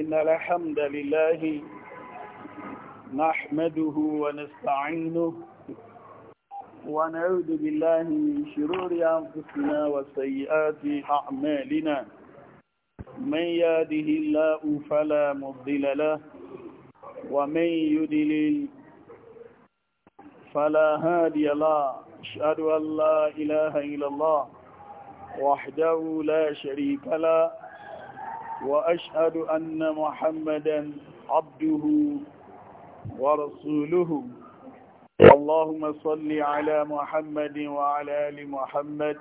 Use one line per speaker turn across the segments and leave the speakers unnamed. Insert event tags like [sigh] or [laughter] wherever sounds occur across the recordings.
إن الحمد لله نحمده ونستعينه ونعوذ بالله من شرور أنفسنا وسيئات أعمالنا من يهده الله فلا مضل له ومن يدلل فلا هادي له أشهد أن لا إله إلا الله وحده لا شريك له وأشهد أن محمدا عبده ورسوله اللهم صل على محمد وعلى آل محمد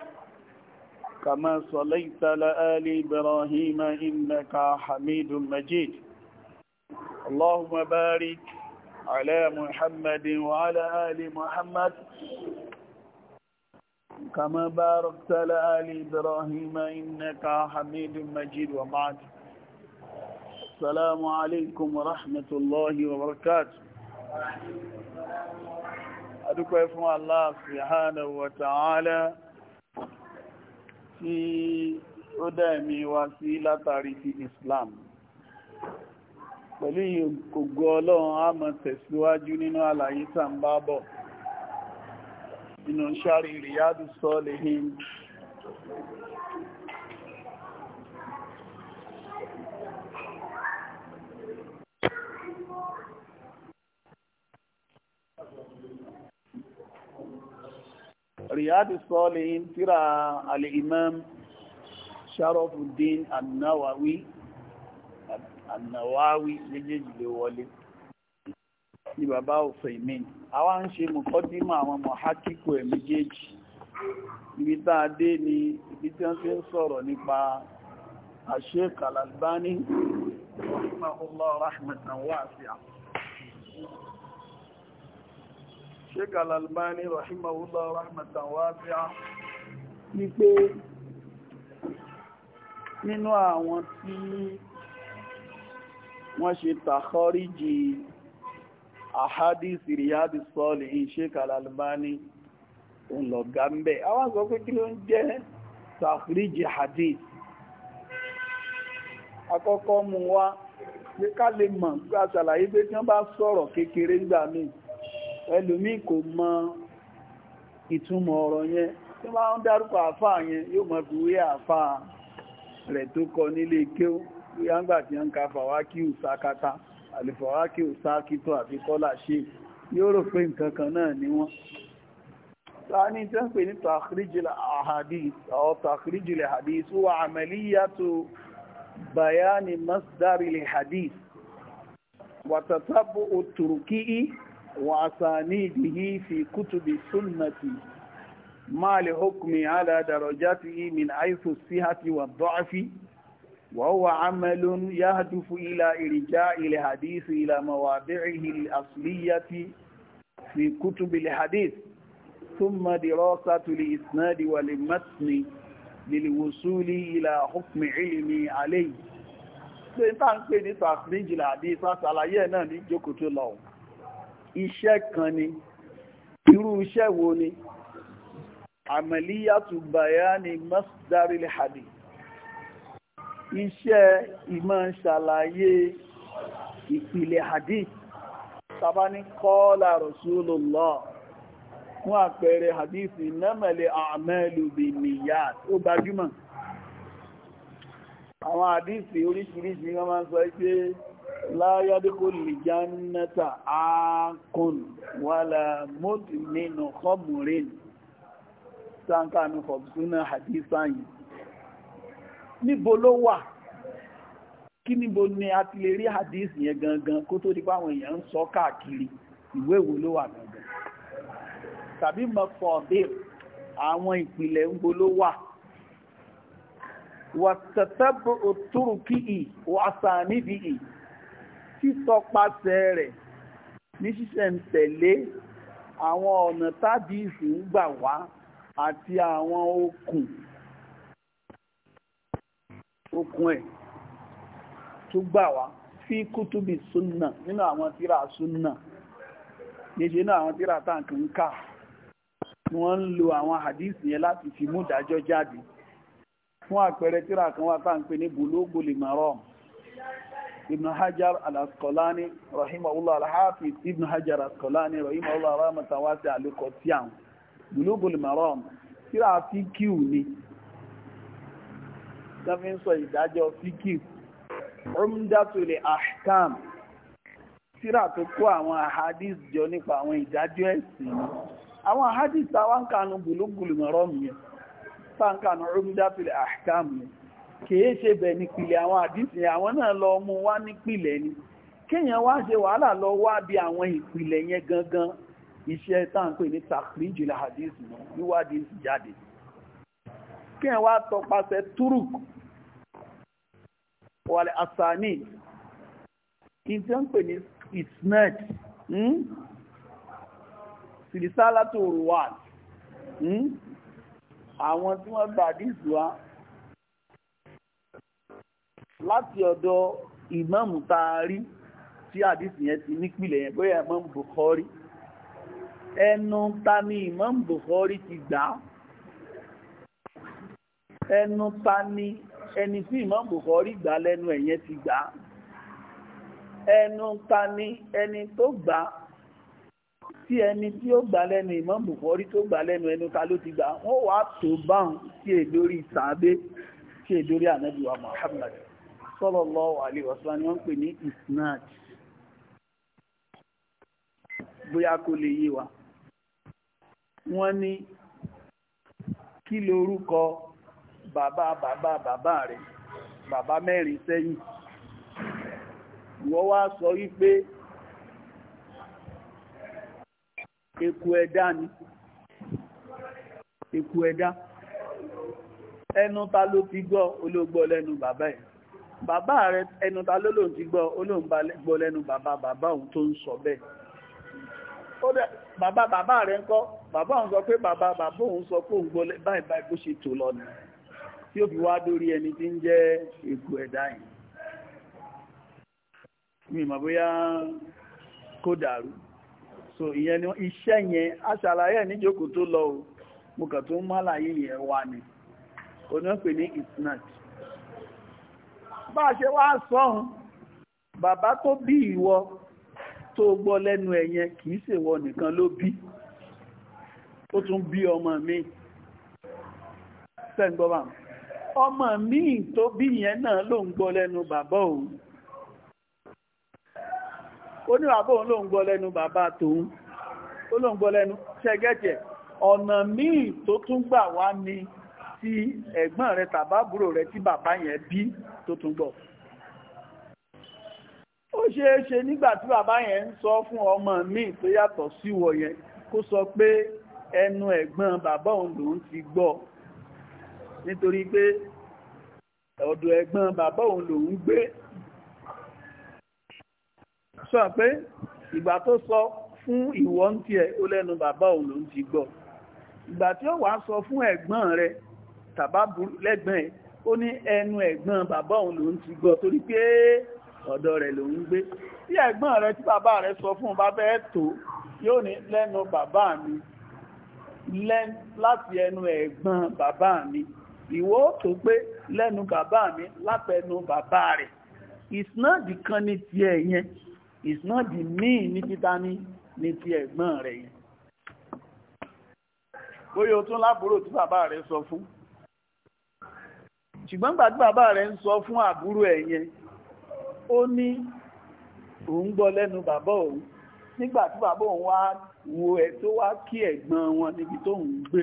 كما صليت على آل إبراهيم إنك حميد مجيد اللهم بارك على محمد وعلى آل محمد كما باركت على آل إبراهيم إنك حميد مجيد وبعد السلام عليكم ورحمة الله وبركاته adúpẹ́ fún Allah subhanahu wa ta'ala tí ó dá ẹ̀mí wa sí látàrí ti Islam pẹ̀lú ògo Ọlọ́run a máa tẹ̀síwájú nínú àlàyé sàmbábọ̀ nínú ṣáàrí Riyadus Salihin Riyadus Salihin tírà al-Imam Sharafuddin an-Nawawi an-Nawawi méjèèjì lè ni bàbá Usaimin àwa ń ṣe mọ̀kọ́dímọ̀ àwọn mọ̀hákíkò ẹ̀ méjèèjì ibi tá a dé ni ibi tí wọ́n fi ń sọ̀rọ̀ nípa Sheikh Al-Albani rahimahullah rahmatan wasi'a Sheikh Al-Albani rahimahullah rahmatan ní pé nínú àwọn tí wọ́n ṣe tàkọ́ríjì àhádìsì ríyádì sọ́ọ̀lì Sheikh Al-Albani ń lọ ga ń bẹ̀ àwọn sọ pé kí ló ń hadith akọ́kọ́ mú wá pé ká lè mọ̀ gbá pé tí wọ́n bá sọ̀rọ̀ kékeré gbà mí kò mọ ìtumọ̀ ọ̀rọ̀ yẹn tí wọ́n ń dárúkọ yẹn yóò mọ̀ fi wé rẹ̀ tó kọ nílé àlìfọ̀wákì òsákítọ̀ àti kọ́là ṣe yóò rò pé nǹkan kan náà ni wọ́n tání tí wọ́n pè ní tàkìríjìlẹ̀ àhàdìs àwọn tàkìríjìlẹ̀ àhàdìs wà àmàlíyàtò bayani masdarilẹ̀ àhàdìs wàtàtàbù òtùrùkí wà àsànídìí fi kútùbì súnnàtì máa lè hókùnmí àdàdàrọ̀játì min àìsù síhàtì wà dọ́àfí وهو عمل يهدف إلى إرجاء الحديث إلى مواضعه الأصلية في كتب الحديث ثم دراسة الإسناد والمتن للوصول إلى حكم علمي عليه ṣe tá ń pè ní tàfíjìlá àbí ìsásàlàyé náà ní jókòó tó lọ iṣẹ́ kan ni irú iṣẹ́ wo ni àmàlíyàtù bàyá ni iṣẹ́ ìmọ̀ ṣàlàyé ìpìlẹ̀ hadith tàbá ní kọ́ọ̀lá Rasulullah fún àpẹẹrẹ hadith ìnámẹ̀lẹ̀ àmẹ́lù bí nìyà ó gbajúmọ̀ àwọn hadith oríṣiríṣi wọ́n máa ń sọ pé láyádékò lè jánátà ákùn wàlà mọ́tì nínú kọmùrín sáńkà ní kọ̀bùsúnà hadith níbo ló wà kí níbo ni a ti lè rí hadith yẹn gangan kó tó di pé àwọn èèyàn ń sọ káàkiri ìwé wo ló wà gangan tàbí mọ̀fọ́dìl àwọn ìpìlẹ̀ ń bo ló wà wàtàtàbù òtúrùkì ì wàsà níbi ì títọpasẹ̀ rẹ̀ ní ṣíṣẹ̀ǹtẹ̀lé àwọn ọ̀nà tábìsì ń gbà wá àti àwọn okùn okun ẹ̀ tó gbà wá fi kútùbì súnnà nínú àwọn tíra súnnà yẹ̀ṣẹ̀ nínú àwọn tíra táǹkì ń kà wọ́n ń lo àwọn hadith yẹn láti fi mú ìdájọ́ jáde fún àpẹẹrẹ tíra kan wá táǹkì ní Bulughul Maram ibn hajar al-asqalani rahimahullah al-hafiz ibn hajar al-asqalani rahimahullah rahmatan wasi'a àlùkọ tí àwọn Bulughul Maram tíra fi kíù ni tàbí ń sọ ìdájọ́ fíkì umdatule ahkam tírà tó kó àwọn ahadis jọ nípa àwọn ìdájọ́ ẹ̀sìn àwọn ahadis táwọn ń kanu gbùlúgbùlù mọ̀rọ̀ mi táwọn kanu umdatule ahkam mi kìí ṣe bẹ̀ nípìlẹ̀ àwọn àdísì àwọn náà lọ mú wá nípìlẹ̀ ni kéèyàn wá ṣe wàhálà lọ wá bí àwọn ìpìlẹ̀ yẹn gangan iṣẹ́ táà pè ní takrijul hadith mọ́ wíwádìí jáde kí ẹ̀ wá tọpasẹ̀ turuk wàlẹ̀ asani in tí ó ń pè ní isnet hmm? sìrìsálátò ruwad hmm? àwọn tí wọ́n gbà díìsù wá láti ọ̀dọ̀ ìmáàmù taari tí àdísì yẹn ti nípìlẹ̀ yẹn bóyá ìmáàmù Bukhari ẹnu ta ni ìmáàmù Bukhari ti gbà á ẹnu ta ni ẹni tí Imam Bukhari gbà lẹ́nu ẹ̀yẹn ti gbà ẹnu ta ni ẹni tó gbà tí ẹni tí ó gbà lẹ́nu Imam Bukhari tó gbà lẹ́nu ẹnu ta ló ti gbà wọ́n wàá tó báhùn sí èdórí sàábé sí èdórí ànábìwá Muhammad sọlọlọ alaihi wasallam ni wọ́n ń pè ní isnad bóyá kó lè yé wa wọ́n ní kí lorúkọ bàbá bàbá bàbá rẹ̀ bàbá mẹ́rin sẹ́yìn ìwọ wá sọ wípé eku ẹ̀dá ni eku ẹ̀dá ẹnu ta ló ti gbọ́ olóògbọ́ lẹ́nu bàbá ẹ̀ bàbá rẹ̀ ẹnu ta ló lòun ti gbọ́ olóògbọ́ lẹ́nu bàbá bàbá òun tó ń sọ bẹ́ẹ̀ bàbá bàbá rẹ̀ ń kọ́ bàbá òun sọ pé bàbá bàbá òun sọ pé òun gbọ́ báyìí báyìí bó ṣe tò lọ tí ó fi wá dórí ẹni tí ń jẹ́ èkó ẹ̀dá yìí mi mọ̀ bóyá kó dàrú so ìyẹn ni iṣẹ́ yẹn aṣàlàyé níjókòó tó lọ o mo kàn tó ń mọ́ àlàyé yẹn wà ní onípè ní isnat bá a ṣe wá sọ́hun bàbá tó bí ìwọ tó gbọ́ lẹ́nu ẹ̀yẹn kìí ṣèwọ nìkan ló bí ó tún bí ọmọ mi sẹ́ǹgbọ́n báwọn ọmọ míì tó bí yẹn náà ló ń gbọ́ lẹ́nu bàbá òun ó ní bàbá òun ló ń gbọ́ lẹ́nu bàbá tòun ó ló ń gbọ́ lẹ́nu ṣẹgẹ́jẹ̀ ọ̀nà míì tó tún gbà wá ni ti ẹ̀gbọ́n rẹ̀ tàbábúrò rẹ̀ tí bàbá yẹn bí tó tún gbọ́ ó ṣe nígbà tí bàbá yẹn ń sọ fún ọmọ míì tó yàtọ̀ síwọ yẹn kó sọ pé ẹnu ẹ̀gbọ́n bàbá òun lòun ti gbọ́ nítorí pé ọ̀dọ̀ ẹ̀gbọ́n bàbá òun lòun gbé sọ pé ìgbà tó sọ fún ìwọ ń tiẹ̀ ó lẹ́nu bàbá òun lòun ti gbọ́ ìgbà tí ó wá sọ fún ẹ̀gbọ́n rẹ̀ tàbá lẹ́gbẹ̀ẹ́ ẹ̀ ó ní ẹnu ẹ̀gbọ́n bàbá òun lòun ti gbọ́ torí pé ọ̀dọ̀ rẹ̀ lòun gbé tí ẹ̀gbọ́n rẹ̀ tí bàbá rẹ̀ sọ fún bá bẹ́ẹ̀ tó yóò ní lẹ́nu bàbá mi láti ẹnu ẹ̀gbọ́n bàbá mi ìwọ tó pé lẹ́nu bàbá mi lápẹnu bàbá rẹ̀ ìsinádì kan ní ti ẹ̀ yẹn ìsinádì míì ní títa ní ní ti ẹ̀gbọ́n rẹ̀ yẹn bóyá o tún lábúrò tí bàbá rẹ̀ sọ fún ṣùgbọ́n gbà tí bàbá rẹ̀ ń sọ fún àbúrò ẹ̀ yẹn ó ní òun gbọ́ lẹ́nu bàbá òun nígbà tí bàbá òun wá wo ẹ̀ tó wá kí ẹ̀gbọ́n wọn níbi tó ń gbé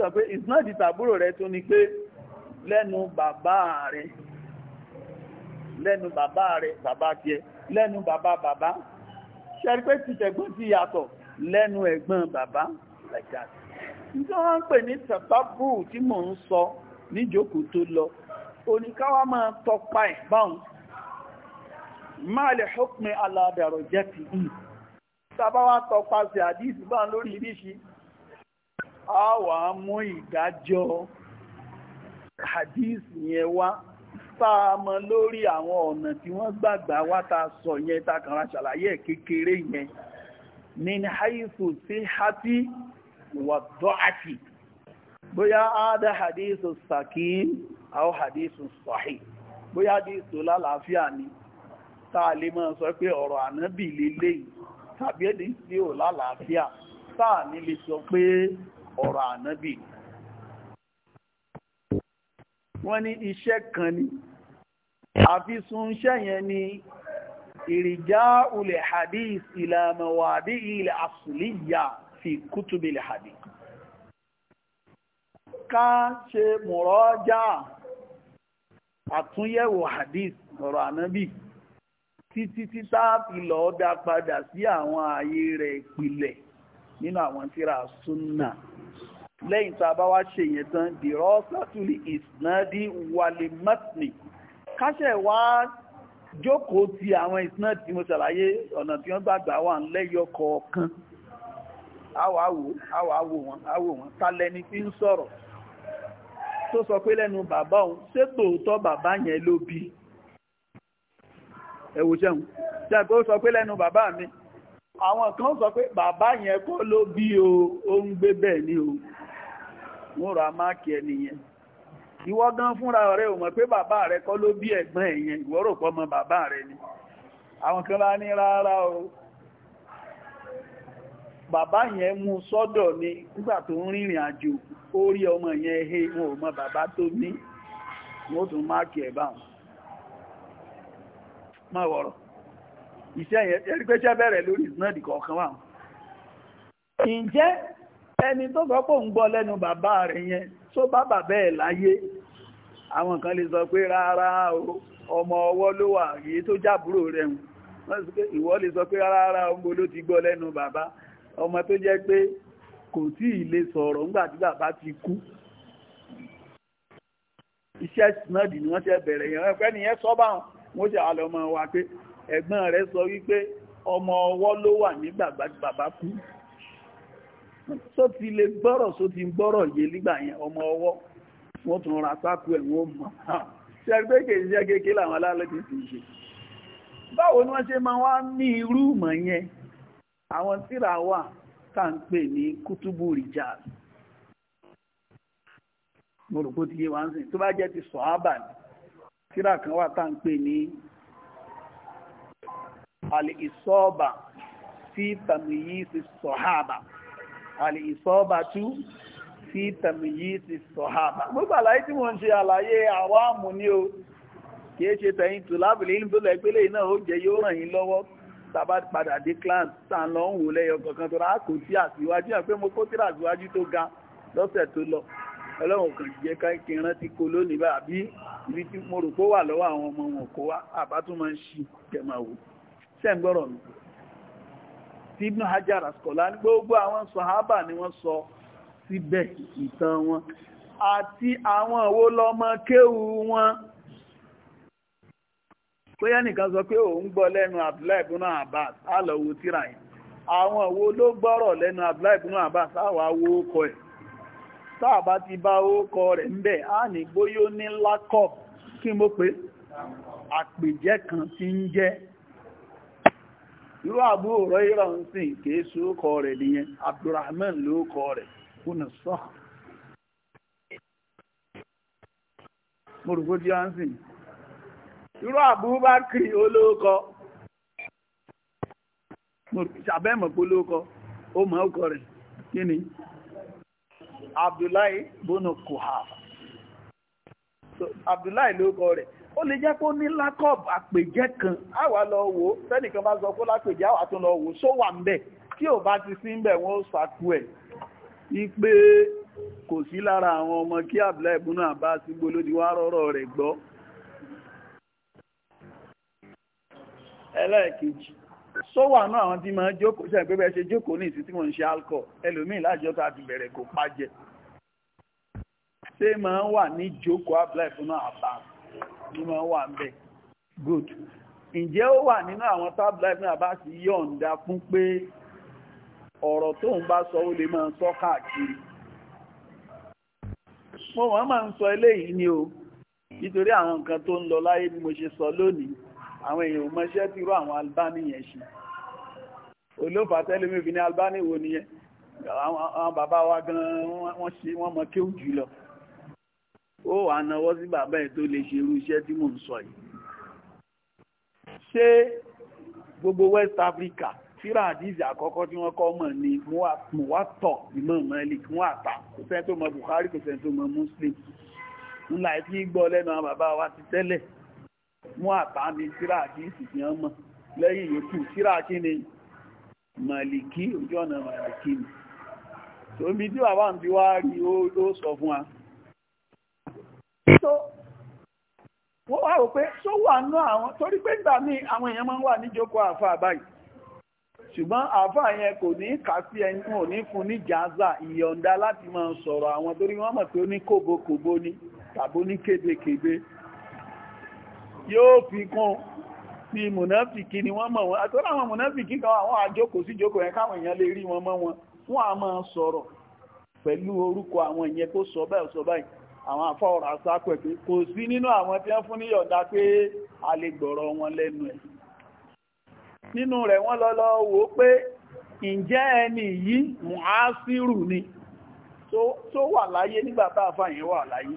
sọ pé it's not the tàbúrò rẹ tó ní pé lẹ́nu bàbá rẹ lẹ́nu bàbá rẹ bàbá tiẹ̀ lẹ́nu bàbá bàbá ṣẹ́rí pé ti tẹ̀gbọ́n ti yàtọ̀ lẹ́nu ẹ̀gbọ́n bàbá like that nítorí wọ́n ń pè ní tàbábù tí mò ń sọ níjókòó tó lọ oníkáwá máa tọpa ẹ̀ báwọn máa lè hópin aládàrọ̀ jẹ́ ti yìí tàbá wá tọpa sí àdíìsì báwọn lórí iríṣi a wà á mú ìdájọ́ hadith yẹn wá tá mọ lórí àwọn ọ̀nà tí wọ́n gbàgbà wá ta a sọ yẹn tá a kàn ra ṣàlàyé ẹ̀ kékeré yẹn ní haifu sí hati wà dọ́àtì bóyá ádá hadith sàkí àwọn hadith sahih bóyá hadith lálàáfíà ni tá a lè mọ́ sọ pé ọ̀rọ̀ ànábì lélẹ́yìí tàbí ẹ̀dí tí ò lálàáfíà táà nílé sọ pé ọ̀rọ̀ ànábì wọ́n ní iṣẹ́ kan ni àfisùn iṣẹ́ yẹn ni ìrìjá ulẹ̀ hadith ìlàmọ̀wàdí ilẹ̀ àṣìlíyà fi kútùbí ilẹ̀ hadith ká ṣe mọ̀rọ̀já àtúnyẹ̀wò hadith ọ̀rọ̀ ànábì títí títà ìlọ̀ ọ̀dá padà sí àwọn ààyè rẹ̀ ìpìlẹ̀ nínú àwọn tíra súnnà lẹ́yìn tó a bá wá ṣe yẹn tán dirasatuli isnadi wal matni káṣẹ̀ wá jókòó ti àwọn isnadi tí mo ṣàlàyé ọ̀nà tí wọ́n gbàgbà wà ń lẹ́yọ kọ̀ọ̀kan àwàwò àwàwò wọn àwò wọn tàlẹ́ni tí ń sọ̀rọ̀ tó sọ pé lẹ́nu bàbá òun ṣé tòótọ́ bàbá yẹn ló bí ẹ̀wò ṣẹ́hun jẹ́ pé ó sọ pé lẹ́nu bàbá mi àwọn kan sọ pé bàbá yẹn kọ́ ló bí o ó ń gbé bẹ́ẹ̀ ni o wọ́n rà máàkì ẹniyẹn ìwọ gan fúnra ọ̀rẹ́ ò mọ̀ pé bàbá rẹ kọ́ ló bí ẹ̀gbọ́n ẹ̀yẹn ìwọ rò pọ̀ bàbá rẹ ni àwọn kan bá ní rárá o bàbá yẹn mú sọ́dọ̀ ni nígbà tó ń rìnrìn àjò ó rí ọmọ yẹn he wọn ò mọ bàbá tó ní wọ́n tún máàkì ẹ̀ báwọn máa wọrọ. ìṣẹ́ yẹn ẹ̀rí pé ṣẹ́ bẹ̀rẹ̀ lórí ìsinádìí kọ̀ọ̀kan wà ǹjẹ́ ẹni tó sọ pé òun gbọ́ lẹ́nu bàbá rẹ̀ yẹn tó bá bàbá ẹ̀ láyé àwọn kan lè sọ pé rárá ọmọ ọwọ́ ló wà yìí tó jábúrò rẹ̀ hùn ìwọ lè sọ pé rárá ọmọ ló ti gbọ́ lẹ́nu bàbá ọmọ tó jẹ́ pé kò tí ì lè sọ̀rọ̀ ńgbà tí bàbá ti kú iṣẹ́ sinadi ni wọ́n ti bẹ̀rẹ̀ yẹn ẹ̀fẹ́ nìyẹn sọ bá wọn mo ṣe àlọ́ ọmọ wa pé ẹ̀gbọ́n rẹ̀ sọ wípé ọmọ ọwọ́ ló wà nígbà tí bàbá kú só ti lè gbọ́rọ̀ só ti gbọ́rọ̀ yé nígbà yẹn ọmọ ọwọ́ wọ́n tún ra sákú ẹ̀ mọ̀ [laughs] ṣe pé kéèké ti báwo ni wọ́n ṣe máa wá ní irú yẹn àwọn tíra wà ń ní mo rò pé ti yé ń sìn tó bá jẹ́ ti tíra kan wà ń pè ní àlè ìsọ́ọ̀bàtú fi tàmìyí ti sọ̀hábà gbogbo àlàyé tí wọ́n ń ṣe àlàyé àwáàmù ní o kìí ṣe tẹ̀yìn tó lábìlì ń bílẹ̀ ìpínlẹ̀ náà ó jẹ yóò ràn yín lọ́wọ́ tàbá padà dé clan tàn lọ ń wò lẹ́yọ kankan tó rà kò tí àtiwájú àpé mo kó tíra àtiwájú tó ga lọ́sẹ̀ mi àti ibn hajar askolani gbogbo àwọn sọ̀hábà ni wọ́n sọ síbẹ̀ ìtàn wọn àti àwọn wo lọ́mọ kéhù wọn bóyá nìkan sọ pé òun gbọ́ lẹ́nu abdullahi abbas alọ́wò tíra yìí àwọn wo ló gbọ́rọ̀ lẹ́nu abdullahi abbas àwọn irú àbú ọ̀rọ̀ ìrọ̀ ń sìn kìí ṣe ó kọ nìyẹn abdulrahman ló kọ rẹ̀ kùnà sọ mọ̀rùkú tí wọ́n sìn irú àbú bá kiri olóòkọ ṣàbẹ́mọ̀ polóòkọ ó mọ̀ ọkọ rẹ̀ kí ni abdullahi so ó lè jẹ́ kó ní lákọ̀ọ̀bù àpèjẹ́ kan àwa lọ wò ó sẹ́nìkan bá sọ pé lápèjẹ́ àwa tó lọ wò ó só wà ń bẹ̀ tí ò bá ti sí ń bẹ̀ wọ́n ó sàkú ẹ̀ wípé kò sí lára àwọn ọmọ kí àbúlá ìbúná àbá sí gbolódi wá rọ́rọ̀ rẹ̀ gbọ́ ẹlẹ́ẹ̀kejì sówà náà àwọn tí máa jókòó ṣe pé bẹ́ẹ̀ ṣe jókòó ní ìsìn tí mo ń ṣe alkọ ẹlòmíì láàjọ tá a ti bẹ̀rẹ̀ kó pàjẹ́ ṣé máa ń wà ní jókòó àbúlá ìbúná àbá ní máa wà good ǹjẹ́ ó wà nínú àwọn tábìlì ibn Abbas yọ̀ǹda fún pé ọ̀rọ̀ tó bá sọ ó lè máa sọ káàkiri mo wọ́n máa ń sọ eléyìí ni o nítorí àwọn nǹkan tó ń lọ láyé bí mo ṣe sọ lónìí àwọn èèyàn ò mọṣẹ́ tí irú àwọn Albani yẹn ṣe olófà tẹ́lẹ̀mí Albani wo nìyẹn àwọn bàbá wa gan-an wọ́n mọ kéwù jù ó wà náwọ́ sí bàbá ẹ̀ tó lè ṣe iṣẹ́ tí mò ń sọ yìí ṣé gbogbo West Africa tíra àdízì àkọ́kọ́ tí wọ́n kọ́ mọ̀ ni muwatọ̀ ìmọ̀ Malik muwata kò sẹ́ni tó mọ Bukhari kò sẹ́ni tó mọ Muslim ńlá ẹ̀ tí gbọ́ lẹ́nu àwọn bàbá wa ti tẹ́lẹ̀ muwata ni tíra àdízì fi hàn mọ̀ lẹ́yìn yòókù tíra kí ni Maliki ojú ọ̀nà Maliki ni tòmí tí bàbá mi ti wá rí ó sọ fún wa so wọ́n wá rò pé só wà àwọn torí pé ìgbà ní àwọn èèyàn máa ń wà níjókòó àáfàá báyìí ṣùgbọ́n àáfàá yẹn kò ní kà sí ẹni wọn ò ní fún ní jaza ìyọ̀ǹda láti máa sọ̀rọ̀ àwọn torí wọ́n mọ̀ pé ó ní kòbókòbó ni tàbó ní kébékébé yóò fi kún mùnáfìkì ni wọ́n mọ̀ wọn àwọn mùnáfìkì kan àwọn àjókòó sí yẹn káwọn àwọn afọ́ọ̀rọ̀ àsápẹ̀ pé kò sí nínú àwọn tí wọ́n fún ní yọ̀ǹda pé a lè gbọ̀rọ̀ wọn lẹ́nu ẹ̀ nínú rẹ̀ wọ́n lọ lọ wò pé ǹjẹ́ ẹni yìí muhasiru ni tó wà láyé nígbà tá a fàyẹ̀ wà láyé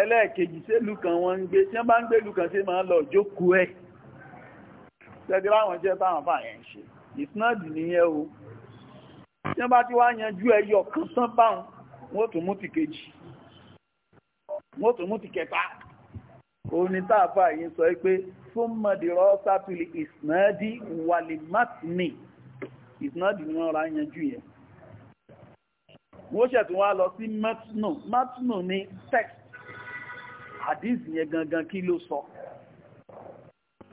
ẹlẹ́ẹ̀kejì sẹ́lù kan wọ́n ń gbé tí wọ́n bá ń gbé lù kan sí máa ń lọ jókòó ẹ̀ tẹ́tí láwọn jẹ́ táwọn fàyẹ̀ ń ṣe ìsinádì nìyẹn o tí wọ́n bá ti wá yanjú ẹyọ kan tán báwọn wọ́n tún mú ti kejì wọ́n tún mú ti kẹta òní táàfà yìí sọ pé fún mọ̀dìrọ́ sátúlì ìsìnàdí wàlìmátìní ìsìnàdí ni wọ́n ra yanjú yẹn wọ́n ṣẹ̀tún wá lọ sí mẹ́tùnù mẹ́tùnù ní text àdísì yẹn gangan kí ló sọ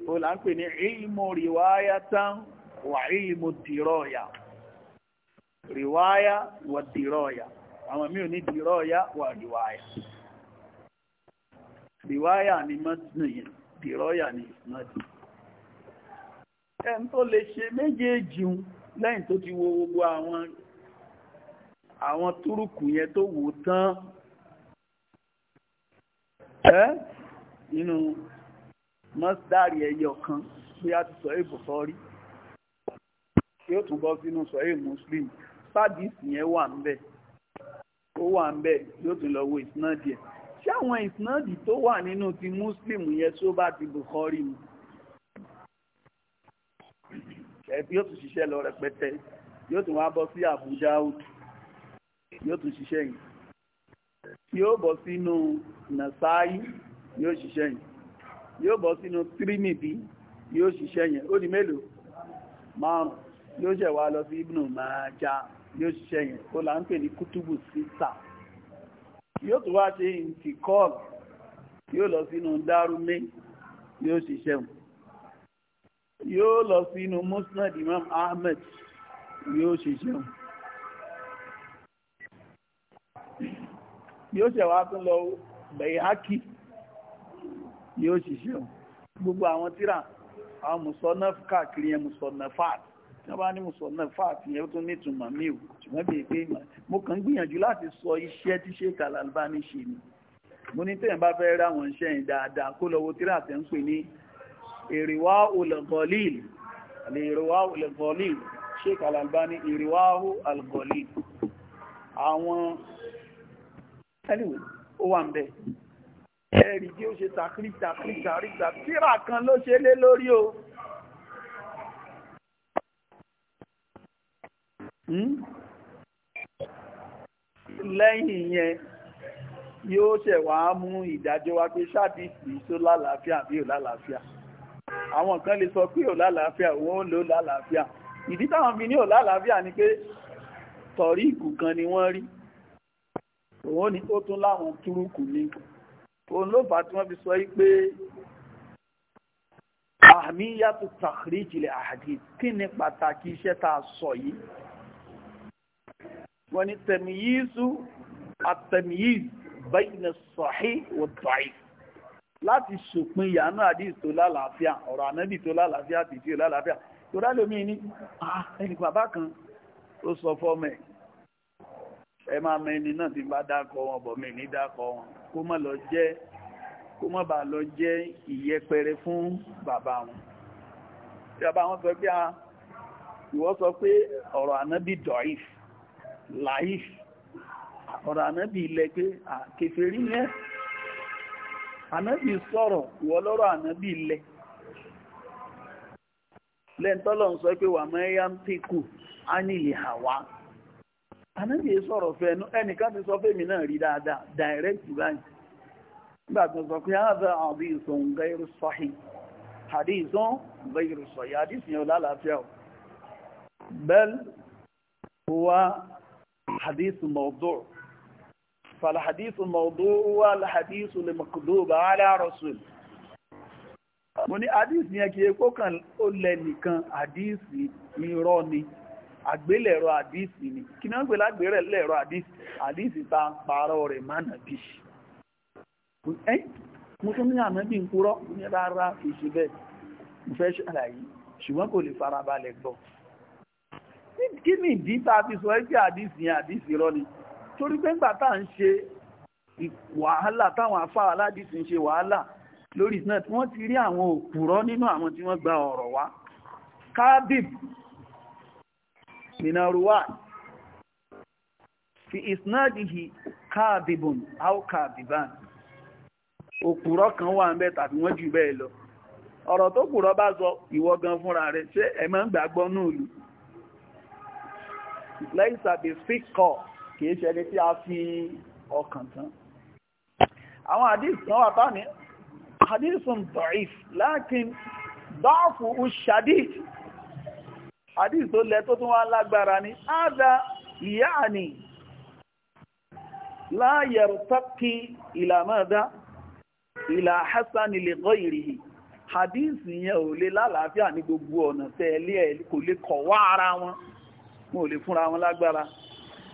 o là ń pè ní ilmu riwaya tán wà ilmu dìrọ̀ọ̀yà riwaya wà dìrọ̀ọ̀yà àwọn mí ò ní dìrọ̀ọ̀yà wà riwaya rìwáyà ni mọ́tìnì yẹn dìrọ́yà ni mọ́tìnì ẹn tó lè ṣe méjèèjì lẹ́yìn tó ti wo gbogbo àwọn àwọn túrùkù yẹn tó wò tán ẹ́ nínú mọ́sídárì ẹyọ kan bí a ti sọ èbò sọ́rí tí ó tún bọ́ sínú sọ èyí muslim sádìsì yẹn wà ń bẹ̀ ó wà ń bẹ̀ yóò tún lọ wo ìsiná díẹ̀ ṣé àwọn ìsìnàdì tó wà nínú ti muslim yẹn tó bá ti bukhari mu ẹbí yóò tún ṣiṣẹ́ lọ rẹpẹtẹ yóò tún wá bọ́ sí Abu Daud yóò tún ṣiṣẹ́ yìí yóò bọ́ sínú Nasai yóò ṣiṣẹ́ yìí yóò bọ́ sínú Tirmidhi yóò ṣiṣẹ́ yẹn ó di mélòó márùn yóò ṣẹ̀ wá lọ sí Ibn Majah yóò ṣiṣẹ́ yẹn ó là ń pè ní kútùbù síta yóò tó wá ṣe ìtìkọ́ọ̀l yóò lọ sínú dárúmé yóò ṣiṣẹ́ mu yóò lọ sínú musnad imam ahmed yóò ṣiṣẹ́ mu yóò ṣẹ̀wá tún lọ bẹ̀yákì yóò ṣiṣẹ́ mu gbogbo àwọn tíra àwọn musonaf káàkiri yẹn musonafat tí wọ́n bá ní mùsùlùmí náà fáàfin ẹ̀ tó nítumọ̀ mi ò ṣùgbọ́n bí èké ìmọ̀ mo kàn ń gbìyànjú láti sọ iṣẹ́ tí Sheikh Al-Albani ṣe ni mo ní tẹ̀yìn bá fẹ́ ra wọn iṣẹ́ yìí dáadáa kó lọ́wọ́ tíra tẹ̀ ń pè ní èrèwá olùgọ́lìl èrèwá olùgọ́lìl Sheikh Al-Albani èrèwá olùgọ́lìl àwọn anyway ó wà ń bẹ̀ ẹ̀rì tí ó ṣe takrí takrí takrí takrí tíra kan ló ṣe lé lórí o. Hmm? lẹ́yìn yẹn yóò ṣẹ̀ wá mú ìdájọ́ wá pé ṣáàdìsì tó lálàáfíà bí ò lálàáfíà àwọn kan lè sọ pé ò lálàáfíà wọ́n ló lálàáfíà ìdí táwọn fi ní ò lálàáfíà ni pé tọ̀rí ìkù kan ni wọ́n rí òun ni ó tún láwọn túrúkù ní òun ló fà tí wọ́n fi sọ yí pé àmì yàtọ̀ tàkìrí ìjìnlẹ̀ àdìs kí ni pàtàkì iṣẹ́ tá a sọ yìí wọ́n ní tẹ̀míyíṣu àtẹ̀míyíṣ bẹ́yìnà sọ̀hí wọ̀tọ̀ì láti ṣòpin yàánú àdíṣ tó lálàáfíà ọ̀rọ̀ ànábì tó lálàáfíà àti tí ó lálàáfíà tó rá lómi ní ah, ẹni bàbá kan ó sọ fọ́mẹ̀ ẹ máa mẹ́ni náà ti bá dákọ̀ wọn bọ̀ mí ní dákọ̀ wọn kó mọ́ lọ jẹ́ kó mọ́ bà lọ jẹ́ ìyẹpẹrẹ fún bàbá wọn tí bàbá wọn sọ pé ah, ìwọ sọ pé ọ̀rọ̀ ànábì dọ̀ìf láìf ọ̀rọ̀ ànábì ilẹ̀ pé kèfèrí ní ẹ́ ànábì sọ̀rọ̀ wọ́n lọ́rọ̀ ànábì ilẹ̀ lẹ́ntọ́lọ̀ ń sọ pé wà mẹ́yà ń tẹ́kù á ní ilẹ̀ àwá ànábì sọ̀rọ̀ fẹ́nu ẹnìkan ti sọ fẹ́mi náà rí dáadáa direct báyìí nígbà tó sọ pé hàdà àdìsùn gairu sahih àdìsùn gairu sahih àdìsùn yẹn حديث موضوع فالحديث الموضوع هو الحديث المقدوب على رسول mo ní àdíìsì yẹn kí epo kan ó lẹ nìkan àdíìsì irọ́ ni àgbélẹ̀rọ àdíìsì ni kí náà ń pè lágbèrè lẹ̀rọ àdíìsì àdíìsì ta ń parọ́ rẹ̀ má nàbí mo tún ní ànábì ń purọ́ ní rárá kì í ṣe bẹ́ẹ̀ mo fẹ́ ṣàlàyé ṣùgbọ́n kò lè farabalẹ̀ gbọ́ kí ni ìdí tá a fi sọ ẹ́ pé àdìsí yẹn àdìsí rọ ni torí pé ńgbà tá à ń ṣe wàhálà táwọn afá aládìsí ń ṣe wàhálà lórí ìsiná tí wọ́n ti rí àwọn òpùrọ́ nínú àwọn tí wọ́n gba ọ̀rọ̀ wá kábíb minaruwa fi ìsinájìhì kábíbùn au kábíbán òpùrọ́ kan wà ń bẹ tàbí wọ́n jù bẹ́ẹ̀ lọ ọ̀rọ̀ tó pùrọ́ bá sọ ìwọ gan fúnra rẹ̀ ṣé ẹ ń gbàgbọ́ náà lù lẹ́yìnsà bí fíkọ̀ kìí ṣẹni tí a fi ọkàn tán àwọn hadith kan wà tán ní hadithun da'if lakin da'fu ushadid hadith tó lẹ tó tún wá lágbára ní ádá ya'ni la yartaqi ila madha ìlà hasani li ghayrihi hadith yẹn ò lè lálàáfíà ní gbogbo ọ̀nà tẹ́ẹ̀lẹ́ kò lè kọ̀wá ara wọn wọn ò lè fúnra wọn lágbára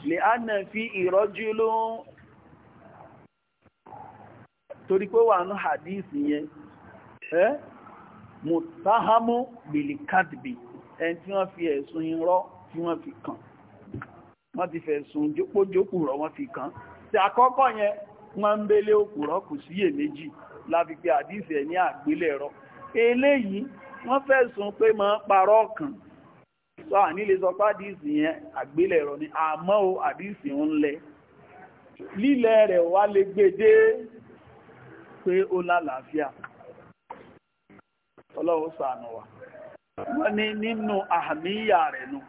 lè á nà fi ìrọ́jú ló ń torí pé wà ní hadith yẹn ẹ́ mùtáhámú bìlì kádìbì ẹni tí wọ́n fi ẹ̀sùn irọ́ tí wọ́n fi kàn wọ́n ti fẹ̀sùn jókòjókò rọ̀ wọ́n fi kàn tí àkọ́kọ́ yẹn wọ́n ń bélé òkúrọ́ kò síyèméjì láti pé hadith ẹ̀ ní àgbélẹ̀rọ eléyìí wọ́n fẹ̀sùn pé máa parọ́ kàn sọ ànílé sọ pé àdìsí yẹn àgbélẹ̀rọ ni àmọ́ o àdìsí ń lẹ lílẹ̀ rẹ̀ wá lè gbé dé pé ó lálàáfíà ọlọ́run ṣàánú wa wọ́n ní nínú àmìyà rẹ̀ nù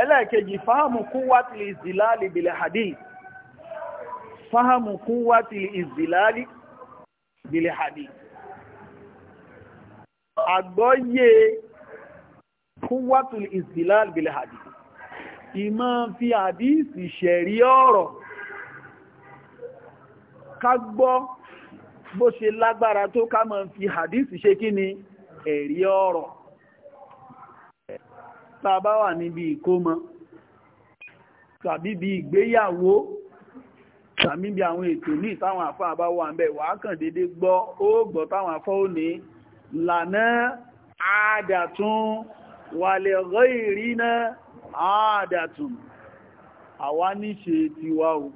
ẹlẹ́ẹ̀kejì fáhàmù kún wá ti ìzìláàlì bìlẹ̀ hadith fáhàmù kún wá ti ìzìláàlì bìlẹ̀ hadith àgbọ́yé quwwatul istidlal bil hadith ìmọ̀ fi àdíìsì ṣẹ̀rí ọ̀rọ̀ ká gbọ́ bó ṣe lágbára tó ká mọ̀ fi àdíìsì ṣe kí ni ẹ̀rí ọ̀rọ̀ tá bá wà níbi ìkómọ tàbí bí ìgbéyàwó tàbí bí àwọn ètò ní ìtàwọn àfá àbá wà ń bẹ̀ wà kàn dédé gbọ́ ó gbọ́ táwọn àfọ́ ò ní lànà àádà tún wàlẹ̀ ọ̀gọ́ ìrìnà àádàtùn àwa níṣe tiwa o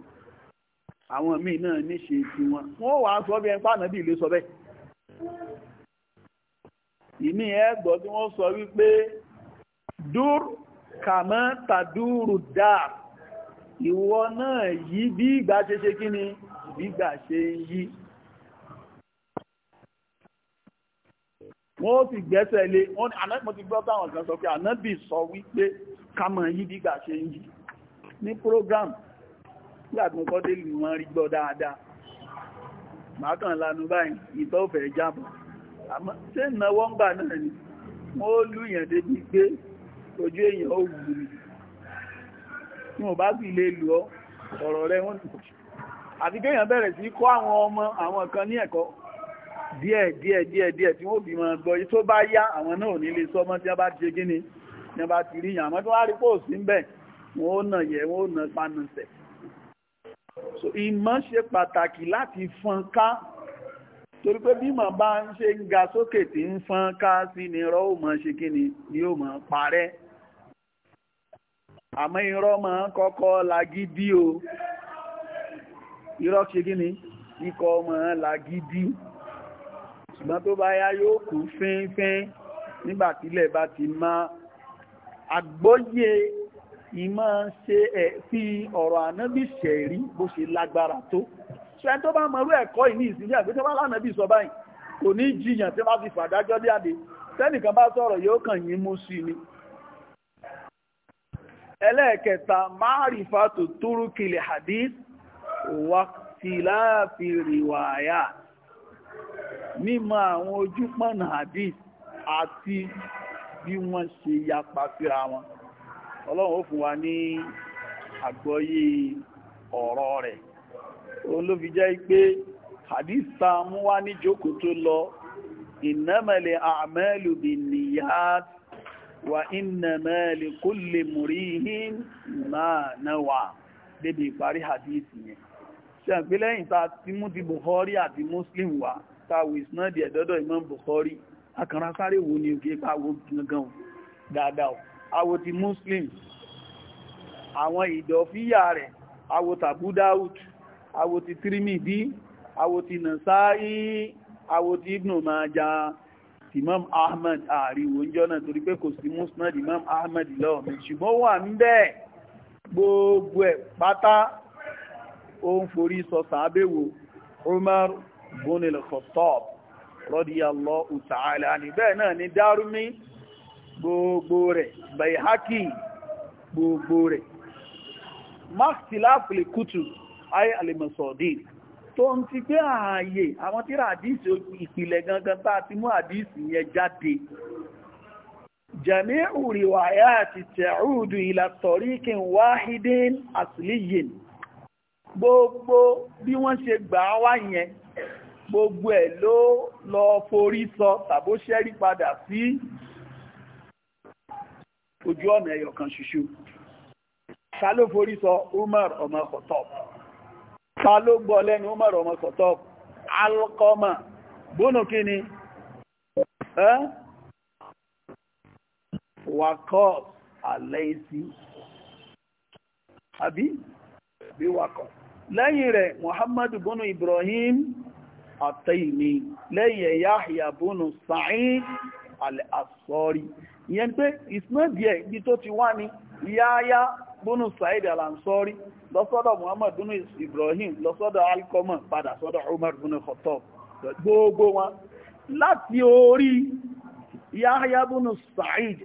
àwọn míì náà níṣe tiwọn wọ́n wà á sọ bí ẹnpá náà bí ilé sọ bẹ́ẹ̀ ìní ẹgbọ́ tí wọ́n sọ wípé dúr kàmọ́ tàdúrù dáa ìwọ náà yí bí ìgbà ṣe ṣe kí ni bí ìgbà ṣe ń yí wọ́n ti gbẹ́sẹ̀ lé wọ́n ní mo ti gbọ́ táwọn kan sọ pé ànábì sọ wípé ká máa yí bí gbà ṣe ń yí ní program nígbàtí mo kọ́ dé lù wọ́n rí gbọ́ dáadáa màá kàn lanu báyìí ìtọ́ òfẹ́ jábọ̀ àmọ́ ṣé ìnáwó ń gbà náà ni wọ́n lù yàn débi pé ojú èèyàn ó wù mí tí mo bá sì lè lù ọ́ ọ̀rọ̀ rẹ wọ́n àti kéèyàn bẹ̀rẹ̀ sí kọ́ àwọn ọmọ àwọn kan ní ẹ̀kọ́ díẹ̀ díẹ̀ díẹ̀ díẹ̀ tí wọ́n bí mọ́ gbọ́ yìí tó bá yá àwọn náà ò ní tí wọ́n bá ti ṣe ni tí wọ́n bá ti rí yàn àmọ́ wọ́n á rí pò sí bẹ̀ wọ́n ó nà yẹ wọ́n ó nà panusẹ̀. so ìmọ̀ ṣe pàtàkì láti fọn ká torí pé bí màá bá ń ṣe ń ga sókè tí ń fọn ká sí ni irọ́ ò mọ̀ ṣe kí ni ni ó mọ̀ parẹ́ àmọ́ irọ́ máa ń kọ́kọ́ lagídí o irọ́ ṣe kí ni ikọ̀ máa lagídí ṣùgbọ́n tó bá yá yóò kú fínfín nígbàtílẹ̀ bá ti mọ́ àgbọ́yé ìmọ̀ ṣe ẹ̀ fi ọ̀rọ̀ ànábì ṣẹ̀rí bó ṣe lágbára tó ṣe tó bá mọ̀rú ẹ̀kọ́ ìní ìsinjẹ́ àgbé tó bá lánàbì sọ báyìí kò ní jiyàn tí wọ́n fi fàdájọ́ dé àdé tẹ́nìkan bá sọ̀rọ̀ yóò kàn yín mú sí ni ẹlẹ́ẹ̀kẹta máàrífà tó túrúkìlẹ̀ hadith wà tìláàfì rìwàyà mímọ̀ àwọn ojúpọ̀nà hadith àti bí wọ́n ṣe yapa wọn ọlọ́run ó fún wa ní àgbọ́yé ọ̀rọ̀ rẹ̀ hadith mú wá ní jókòó tó lọ ìnámẹ̀lẹ̀ àmẹ́lù bí nìyàt wà ìnámẹ̀lẹ̀ kó lè múrí hìn hadith Muslim tàwí ìsìnàdì ẹ̀dọ́dọ̀ Imam Bukhari akànrà sáré wo ni òkè pa àwọn gangan dáadáa awo ti Muslim àwọn ìdọ̀fíyà rẹ̀ awo tàbú Dáúd awo ti Tirmidhi awo ti Nasa'i awo ti Ibn Majah Imam Ahmad àríwò ń jọ́nà torí pé kò sí Musnad Imam Ahmad lọ́ọ̀mí ṣùgbọ́n wà ń bẹ́ẹ̀ gbogbo ẹ̀ pátá ó ń forí sọ sàábẹ̀wò Umar bónil Khattab radiyallahu ta'ala anhu bẹ́ẹ̀ náà ni Dárúmí gbogbo rẹ̀ Bayhaqi gbogbo rẹ̀ makhtilafil kutub ayé al-masādīr tó ń ti pé ààyè àwọn tíra àdísì ìpìlẹ̀ gangan tá a ti mú àdísì yẹn jáde jami'u riwayati ta'udu ila tariqin wahidin asliyin gbogbo bí wọ́n ṣe gbà á wá yẹn gbogbo ẹ̀ ló lọ forí sọ tàbó ṣẹ́rí padà sí ojú ọ̀nà ẹyọ kan ṣoṣo ta ló forí sọ Umar ọmọ Khattab ta ló gbọ́ lẹ́nu Umar ọmọ Khattab Alqama bónú kí ni wakọ́ àlẹ́ sí àbí bí wakọ̀ lẹ́yìn rẹ̀ muhammadu bunu ibrahim àtẹ́ìmí lẹ́yìn yahya bunu sa'id al-asori ìyẹn pé ìsinmẹ́bíẹ̀ ibi tó ti wá ní yáyá bunu sa'id al-ansori lọ́sọ́dọ̀ muhammadu bunu ibrahim lọ́sọ́dọ̀ alkoma padà sọ́dọ̀ umar bunu khattab gbogbo wọn láti orí yahya bunu sa'id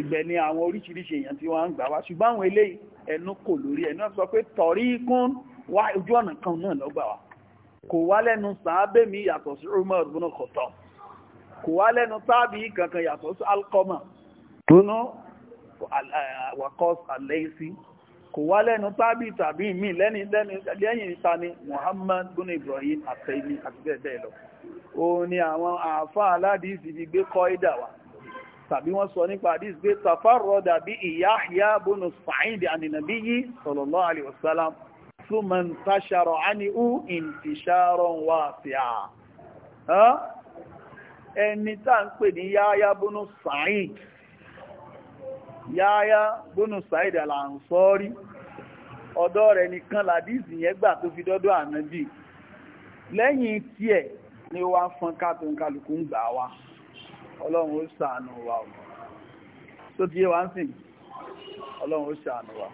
ìgbẹ̀ ni àwọn oríṣiríṣi èèyàn tí wọ́n ń gbà wá ṣùgbọ́n àwọn eléyìí ẹnu kò lórí ẹnu sọ pé tọ̀rí kún wá ojú ọ̀nà kan náà lọ́gbà wá kò wá lẹ́nu sàábẹ́ mi yàtọ̀ sí Umar bin Khattab kò wá lẹ́nu tábì kankan yàtọ̀ sí Alqama tónú Waqas al-Laysi kò wá lẹ́nu tábì Muhammad bin Ibrahim àtẹ́ni àti bẹ́ẹ̀ bẹ́ẹ̀ lọ òun ni àwọn wa tàbí wọ́n sọ nípa àdís pé tafarọ́dà bí Yahya bónú Sa'id ànìyànbí yí sallallahu alaihi wasallam súnmọ̀ ń tàṣàrọ̀ áníhù ìntìṣàrọ̀ wà sí à ẹni tá ń pè ní Yahya bónú Sa'id Yahya bónú Sa'id al-Ansari ni wọ́n fọn ká tó ń gbà wá ọlọ́run ó ṣàánú wa ọ̀ tó ti yé wa ń sìn ọlọ́run ó ṣàánú wa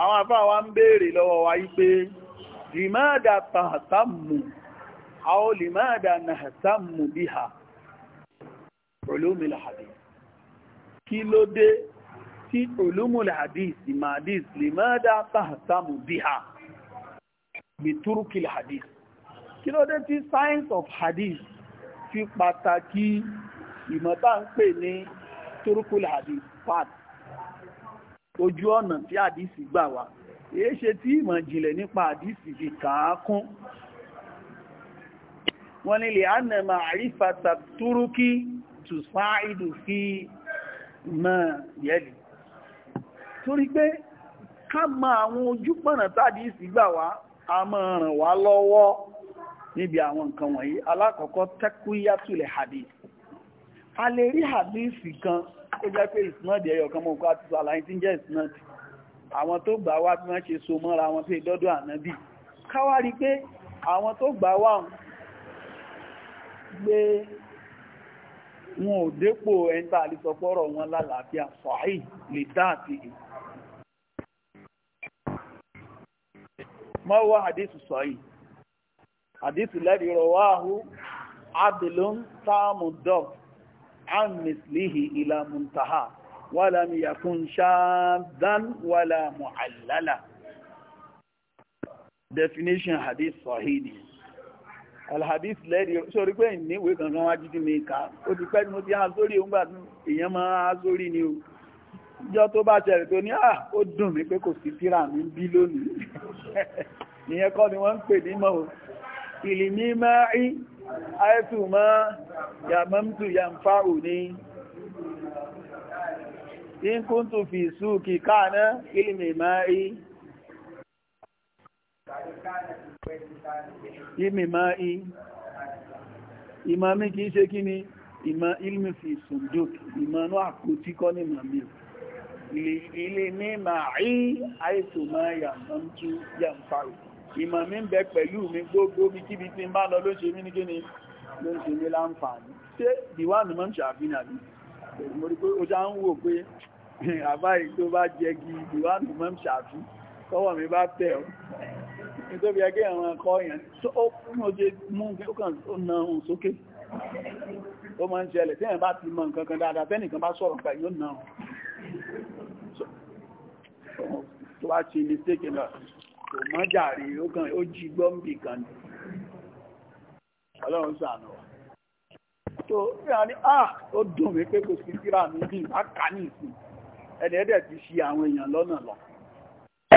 àwọn àfáà wa ń béèrè lọ́wọ́ wa yí pé lìmáàdà tààtàmù àwọn lìmáàdà nààtàmù bíhà ulumul hadith kí ló dé tí ulumul hadith ìmàdís lìmáàdà tààtàmù bíhà bí túrùkì kí ló dé tí science of hadith fi pàtàkì ìmọ̀ta ń pè ní turkul hadith part ojú ọ̀nà tí hadisi gbà wá èé ṣe tí ìmọ̀ ìjìnlẹ̀ nípa hadisi fi kàákún wọ́n nílé anàmà àrífàtà túrúkí tù sáàìdù fi mọ̀ yẹ́lì torí pé ká mọ àwọn ojú pọ̀nà tí hadisi wá a máa ràn wá lọ́wọ́ níbi àwọn nǹkan wọ̀nyí alákọ̀ọ́kọ́ tẹ́kúyátulẹ̀ hadith a lè rí hadith kan kó jẹ́ pé ìsinádìí ẹyọ kan mọ́kọ́ àti sàlàyé tí ń jẹ́ ìsinádìí àwọn tó gbà wá bí wọ́n ṣe so mọ́ra wọn pé dọ́dọ̀ ànábì káwá rí pé àwọn tó gbà wá gbé wọn ò dépò ẹ̀ntà àlìsọpọ̀rọ̀ wọn lálàáfíà fàáì lè dáàtì mọ́wọ́ àdéṣù sọ́yìí àdísì lẹ́rìí rọwáhú adìlún sáàmùdọ́f àmìsìlìhì ìlàmùntàhà wàlá miyàkún ṣáàdán wàlá mu'allala definition hadith sahih alhadith lẹ́rìí sórí pé ìníwé kankan wá jídí mi ká ó ti pẹ́ tí mo ti há sórí òun gbà tún èèyàn máa há sórí ni o ìjọ tó bá ṣẹlẹ̀ tó ní à ah, ó dùn mí pé kò sí tíra mi bí lónìí [laughs] ìyẹn kọ́ ni wọ́n ń pè ní mọ́ ìlìmí máa rí àìtù máa yàmọ́mtù yàmfà òní in kúntù fi súkì káàná ìlìmí máa rí ìlìmí máa rí ìmọ̀ mi kìí ṣe kí ni ìmọ̀ ilmi fi sùndùk ìmọ̀ ní àkótí kọ́ ní màmí ilé ní rí àìtù máa yàmọ́mtù yàmfà òní ìmọ̀ mi ń bẹ pẹ̀lú mi gbogbo bí kíbi tí ń bá lọ ló ṣe mí ní kíni ló ń ṣe mí láǹfààní ṣé ìwádìí mọ́ ń ṣàfihàn àbí mo rí pé ó já ń wò pé [laughs] àbáyé tó bá jẹ gi ìwádìí mọ́ ń ṣàfihàn kọ́wọ́ mi bá tẹ̀ ọ́ nítorí ẹgbẹ́ àwọn ẹ̀kọ́ yẹn tó ó mú oje mú ó kàn ó na ń ṣẹlẹ̀ tí èèyàn bá ti mọ nǹkan kan dáadáa tẹ́nìkan bá sọ̀rọ̀ pẹ̀lú yóò na ohun tó wá ṣe mistake náà kò mọ́ jàre ó kàn ó jí gbọ́ǹbì kan ní ọlọ́run sànù wa tó ríra ní ah ó dùn mí pé kò sí síra mi bí àkà ní ìsìn ẹni ẹ̀dẹ̀ ti ṣe àwọn èèyàn lọ́nà lọ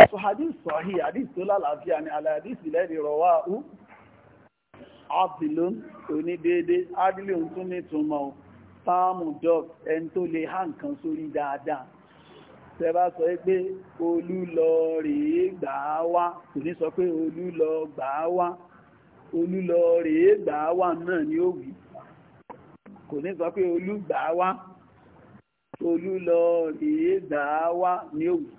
so hadith sahih hadith tó lálàáfíà ni àlẹ́ hadith lẹ́ni rọwá ú abdulun onídéédé adilun tún ní ẹni tó lè há nǹkan sórí dáadáa tẹ bá sọ pé olú lọ gbà wá kò ní sọ pé olú gbà wá olú lọ gbà wá náà ni ó wí kò ní sọ pé olú gbà á wá olú lọ rèé gbà á wá ni ó wí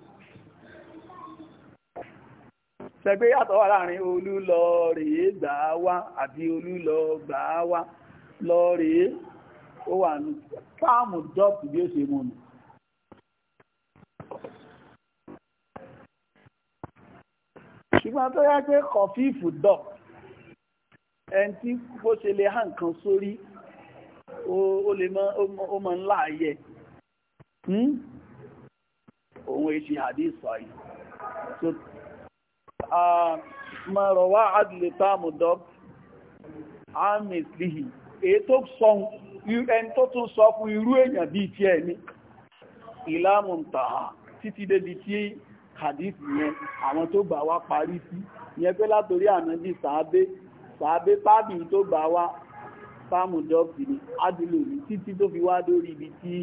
sẹgbẹ́ yàtọ̀ wà láàrin olú lọ rèé gbà wá àbí olú gbà wá lọ rèé ó wà ní fáàmù dọ́pù bí ó ṣe mú nù ṣùgbọ́n tó yá pé kọ̀fíìfù dọ̀ ẹni tí bó ṣe lè hàn kan sórí ó lè mọ ńlá ayẹ hmm? òun èṣì hadith sọ̀yìn so mọ̀rọ̀ wá adìlẹ̀ táàmù dọ̀ amis lihi èyí tó sọ ẹni tó tún sọ fún irú èèyàn bíi tiẹ̀ ní ìlàmùntàhà títí débi tí hadith yẹn àwọn tó gbà wá parí sí yẹn pé látorí ànábì sàábé sàábé pábì tó gbà wá fáàmù dọ́ọ̀kì ni adìlò ní títí tó fi wá dórí ibi tí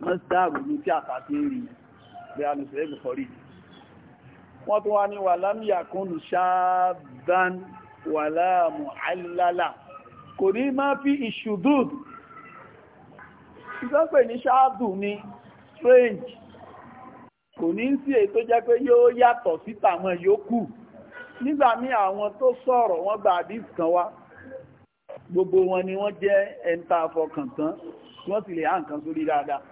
mọ́sítàrù ní tí àtàtì ń rí bí a nùsọ̀rẹ́ bùkọ́rí wọ́n tún wá ní wà lámìyà kúnnù ṣáàbán wà láàmù àìlálà kò ní máa fi ìṣùdùd ìsọ́pẹ̀ ní ṣáàbù ní strange kò ní sí èyí tó jẹ́ pé yóò yàtọ̀ sí tàwọn yòókù nígbà míì àwọn tó sọ̀rọ̀ wọ́n gba àdìs kan wá gbogbo wọn ni wọ́n jẹ́ ẹ̀ńtà àfọkàntán wọ́n sì lè há nǹkan sórí dáadáa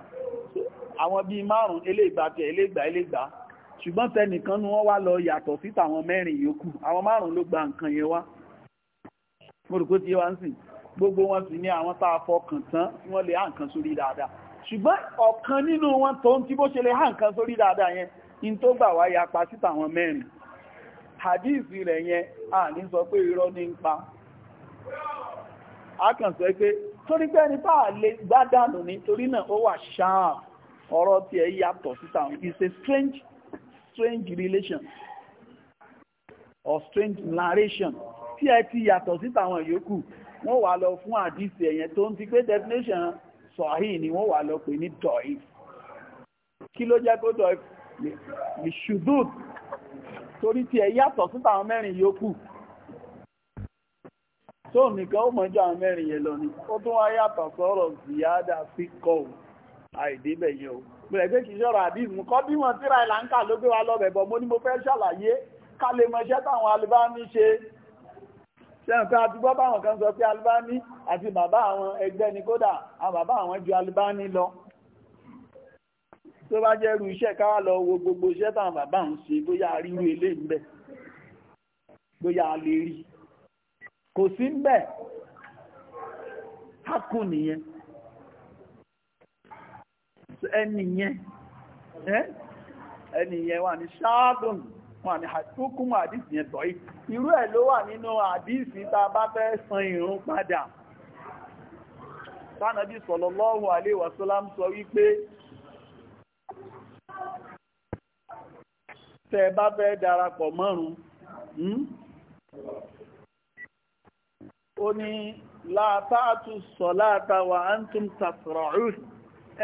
àwọn bíi márùn-ún eléègbà tẹ̀ eléègbà eléègbà ṣùgbọ́n tẹnìkan ni wọ́n wá lọ yàtọ̀ sí tàwọn mẹ́rin yòókù àwọn márùn-ún ló gba nǹkan yẹn wá mo rò pé tí wọ́n ń sìn gbogbo wọn sì ni àwọn tá a tí wọ́n lè há nǹkan sórí dáadáa ṣùgbọ́n ọ̀kan nínú wọn tó ń tí bó ṣe lè hàn kan sórí dáadáa yẹn in tó gbà wá ya pa síta àwọn mẹ́rin hadith rẹ̀ yẹn a ní sọ pé irọ́ ní ń pa a pé torí pé ẹni bá lè gbádànù ní torí náà ó wà ṣáà ọ̀rọ̀ tí ẹ yàtọ̀ síta àwọn it's a strange strange relation or strange narration tí ẹ ti yàtọ̀ síta àwọn yòókù wọ́n wà lọ fún hadith ẹ̀yẹn tó ń ti pé definition sọ̀hí ni wọ́n wà lọ pè ní dọ̀í kí ló jẹ́ kó dọ̀í ṣùdùt torí tí ẹ yàtọ̀ sí àwọn mẹ́rin yòókù tó nìkan ó mọ̀jọ́ àwọn mẹ́rin yẹn lọ ni ó tún wá yàtọ̀ sọ̀rọ̀ ziyada sí kọ́ọ̀ àìdébẹ̀ yẹn o bẹ̀rẹ̀ pé kìí ṣọ́rọ̀ àdìs mú kọ́ bí wọ́n tíra ìlànkà ló gbé wa lọ bẹ̀bọ̀ mo ní mo fẹ́ ṣàlàyé ká lè mọṣẹ́ táwọn alibá ní ṣe sẹ́ǹkan àti gbọ́ báwọn kan sọ pé Albani àti bàbá àwọn ẹgbẹ́ ni kódà àwọn bàbá àwọn ju Albani lọ tó bá jẹ́rú iṣẹ́ káwà lọ wo gbogbo iṣẹ́ táwọn bàbá ń ṣe bóyá ríru ilé ń bẹ̀ bóyá lè rí kò sí ń bẹ̀ hákù nìyẹn ẹnìyẹn ẹnìyẹn wà ní ṣáàgùn wọn ni hukumu àdìsí yẹn tọ́ yìí irú ẹ̀ ló wà nínú àdìsí tá a bá fẹ́ san ìrun padà tánàbí sallallahu alaihi wasallam sọ wípé tẹ́ bá fẹ́ darapọ̀ mọ́rùn-ún hmm? ó ní látàtù sọ̀láta wà antum tasra'un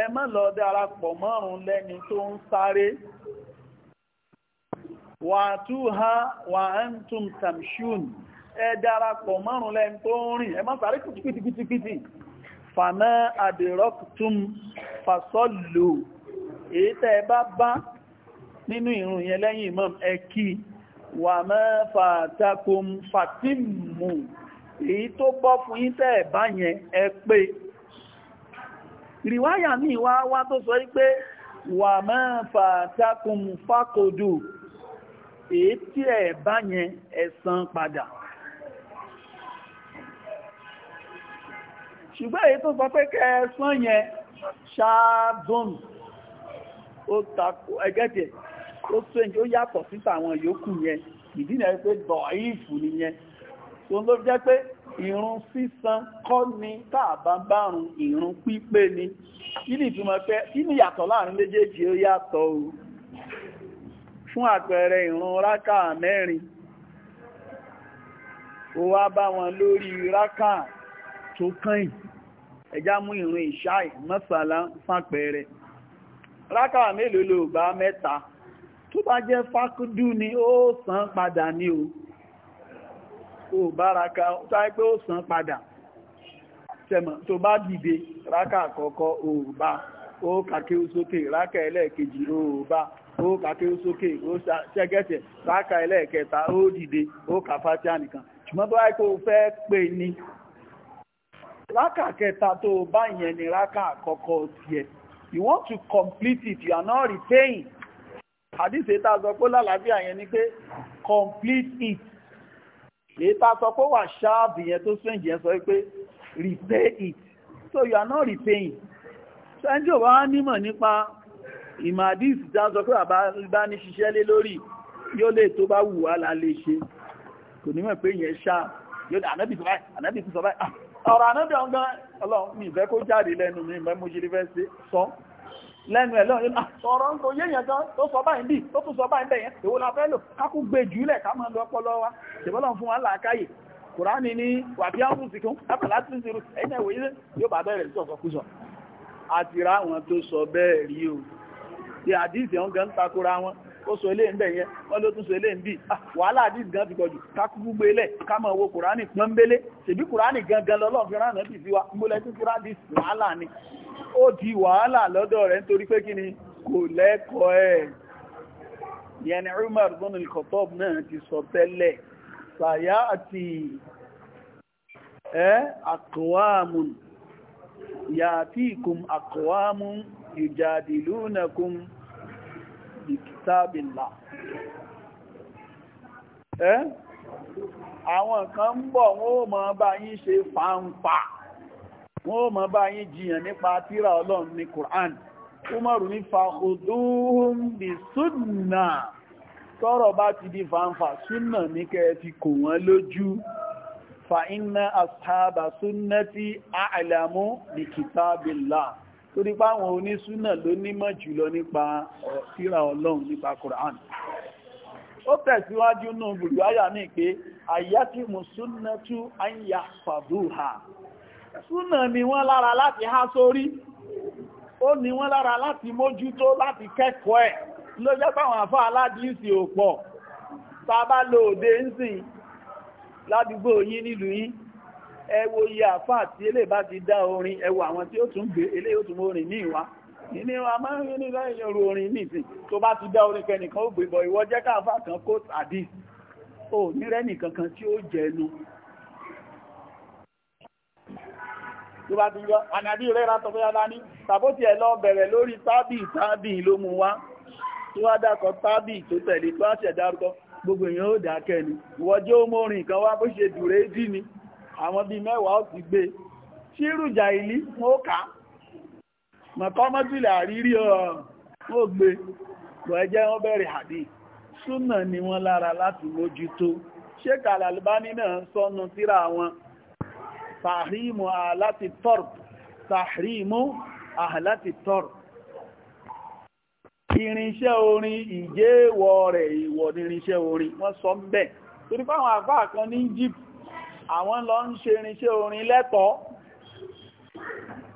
ẹ má lọ darapọ̀ mọ́rùn lẹ́ni tó ń sáré wàtúhá wà ń tún tàmṣún ẹ darapọ̀ márùn lẹ́n tó rìn ẹ má sáré kìtìkìtìkìtì fàmẹ́ àdìrọ́kùtùm fàsọ́lù èyí tẹ́ ẹ bá bá nínú ìrun yẹn lẹ́yìn imam ẹ kí wà mẹ́ fàtàkùm fàtímù èyí tó bọ́ fún yín bá yẹn ẹ pé ìrìwáyà ní ìwá wá tó sọ wípé wà mẹ́ fàtàkùm fàkòdù èé tí ẹ̀ bá yẹn ẹ san padà ṣùgbọ́n èyí tó sọ pé kẹsàn yẹn ṣáàdùn ó takò ẹgẹ́tẹ̀ ó tẹ́jì ó yàtọ̀ síta àwọn yòókù yẹn ìdínà pé dọ̀ífù nìyẹn tó ló jẹ́ pé ìrun sísan kọ́ ni tàbá bárun ìrun pípé ni kí ni ìtumọ̀ pé kí ni yàtọ̀ láàrin méjèèjì ó yàtọ̀ o fún àpẹẹrẹ ìrun rákà mẹ́rin ó wá bá wọn lórí rákà tó kàn ẹjá mú ìrun ìṣáì mọ́sàlá fàpẹẹrẹ rákà mélòó ló bá mẹ́ta tó bá jẹ́ fákúdú ni ó san padà ní o ó bá rákà ó táyé pé ó san padà tẹ̀mọ̀ tó bá dìde rákà àkọ́kọ́ ó bá ó kàkí ó sókè rákà ẹlẹ́ẹ̀kejì ó bá ó kàkẹ́ ó sókè ó ṣẹ́gẹ́tẹ̀ ráka ẹlẹ́ẹ̀kẹta ó dìde ó kà fátíà nìkan ṣùgbọ́n bá kó fẹ́ pè ní ráka kẹta tó bá yẹn ni ráka àkọ́kọ́ tiẹ̀ you want to complete it you are not retaining àdìsí tá a sọ pé lálàáfíà yẹn ni pé complete it èyí tá a sọ pé wà ṣáàbì yẹn tó sẹ́yìn yẹn sọ pé repay it so you are not repaying ṣẹ́ńjì ò bá nímọ̀ nípa ìmàdìsì tí a sọ pé àbá ní ṣiṣẹ́ lé lórí yóò lè tó bá wù wá la lè ṣe kò ní mọ̀ pé yẹn ṣá yóò dé ànábì sọ́báì ànábì sọ́báì ah, ọ̀rọ̀ ànábì ọ̀gá ọlọ́run mi ìfẹ́ kó jáde lẹ́nu mi ìfẹ́ mo ṣe lè fẹ́ ṣe sọ lẹ́nu ẹ̀ lọ́run ah, ọ̀rọ̀ ń kò yé yẹn gan tó sọ báyìí bí kùránì ní wàbí áwùsìkún lápàlá tí ń ṣe ẹ̀yìn ẹ̀wòye yóò bá bẹ̀rẹ̀ sọ̀kọ̀kúsọ àti ra àwọn tó sọ bẹ́ẹ̀ rí o ti àdíìsì ọ̀n gan takora wọn ó sọ ilé ń bẹ̀ yẹn wọ́n ló tún sọ ilé ń bì ah, wàhálà àdíìsì gan ti pọ̀jù kákúkú gbélé kámọ̀ owó kùránì pọ́nbélé ṣèbí kùránì gangan lọ́lọ́run fi ránà bì sí wa múlẹ̀ tún kíra dì wàhálà ni ó di wàhálà lọ́dọ̀ rẹ̀ nítorí pé kí ni kò lẹ́kọ̀ọ́ ẹ̀ ìyẹn ni Umar bin al náà ti sọ tẹ́lẹ̀ sàyà àti ẹ́ àkọwàmùn yàtíkùm àkọwàmùn bi kitabillah ẹ́ àwọn kan ń bọ̀ wọ́n ó máa bá yín ṣe fàǹfà wọ́n ó máa bá yín jiyàn nípa tírà ọlọ́run ní Qur'an Umaru ní fàkùdúhùn bí súnà tọ́rọ̀ bá ti di fàǹfà súnà ní kẹ́ kò wọ́n lójú fa inna ashaba sunnati a'lamu bi torí páwọn onísúnà ló nímọ̀ jùlọ nípa tírà ọlọ́run nípa Qur'an ó tẹ̀síwájú nù bùrùwáyà ní pé àyátí mùsùnà tú àyà fàdúhà súnà ni wọ́n lára láti há sórí ó ní wọ́n lára láti mójútó láti kẹ́kọ̀ọ́ ẹ̀ ló jẹ́ páwọn àfá aládìísì òpọ̀ tá a ń sìn ládùúgbò yín nílùú yín ẹ wo iye àfáà tí eléyìí bá ti dá orin ẹ wo àwọn tí ó tún gbé eléyìí ó tún orin ní ìwá ní wa máa ń rí nílá ìyọrù orin nìsìn tó bá ti dá orin kẹnìkan ó gbébọ̀ ìwọ jẹ́ káàfà kan kó tàdí ò ní rẹ́nì kankan tí ó jẹnu tó bá ti yọ ànàbí rẹ̀ látọ̀ fẹ́ tàbó ti ẹ̀ lọ bẹ̀rẹ̀ lórí tábì tábì ló mú wá tó wá dákọ̀ tábì tó tẹ̀lé tó àṣẹ̀ dárúkọ gbogbo èèyàn ó dákẹ́ ni ìwọ jẹ́ ó mọ́rin kan wá bó ṣe dùrẹ́ dì ni àwọn bíi mẹ́wàá ó ti gbé ṣírùjà ìlú wọn ó kà á mọ̀kọ́mọ́júlẹ̀ àrírí ọ̀rọ̀ ó gbé bọ̀ ẹjẹ́ wọ́n bẹ̀rẹ̀ àdí súnà ni wọ́n lára láti mójútó ṣékà Al-Albani náà sọ́nu tíra wọn tàhímù àláti tọ́rp tàhímù àláti tọ́rp irinṣẹ́ orin ìjẹ́wọ̀ rẹ̀ ìwọ̀ irinṣẹ́ orin wọ́n sọ bẹ́ẹ̀ torí fáwọn àfáà kan ní Egypt àwọn lọ ń ṣe irinṣẹ́ orin lẹ́kọ̀ọ́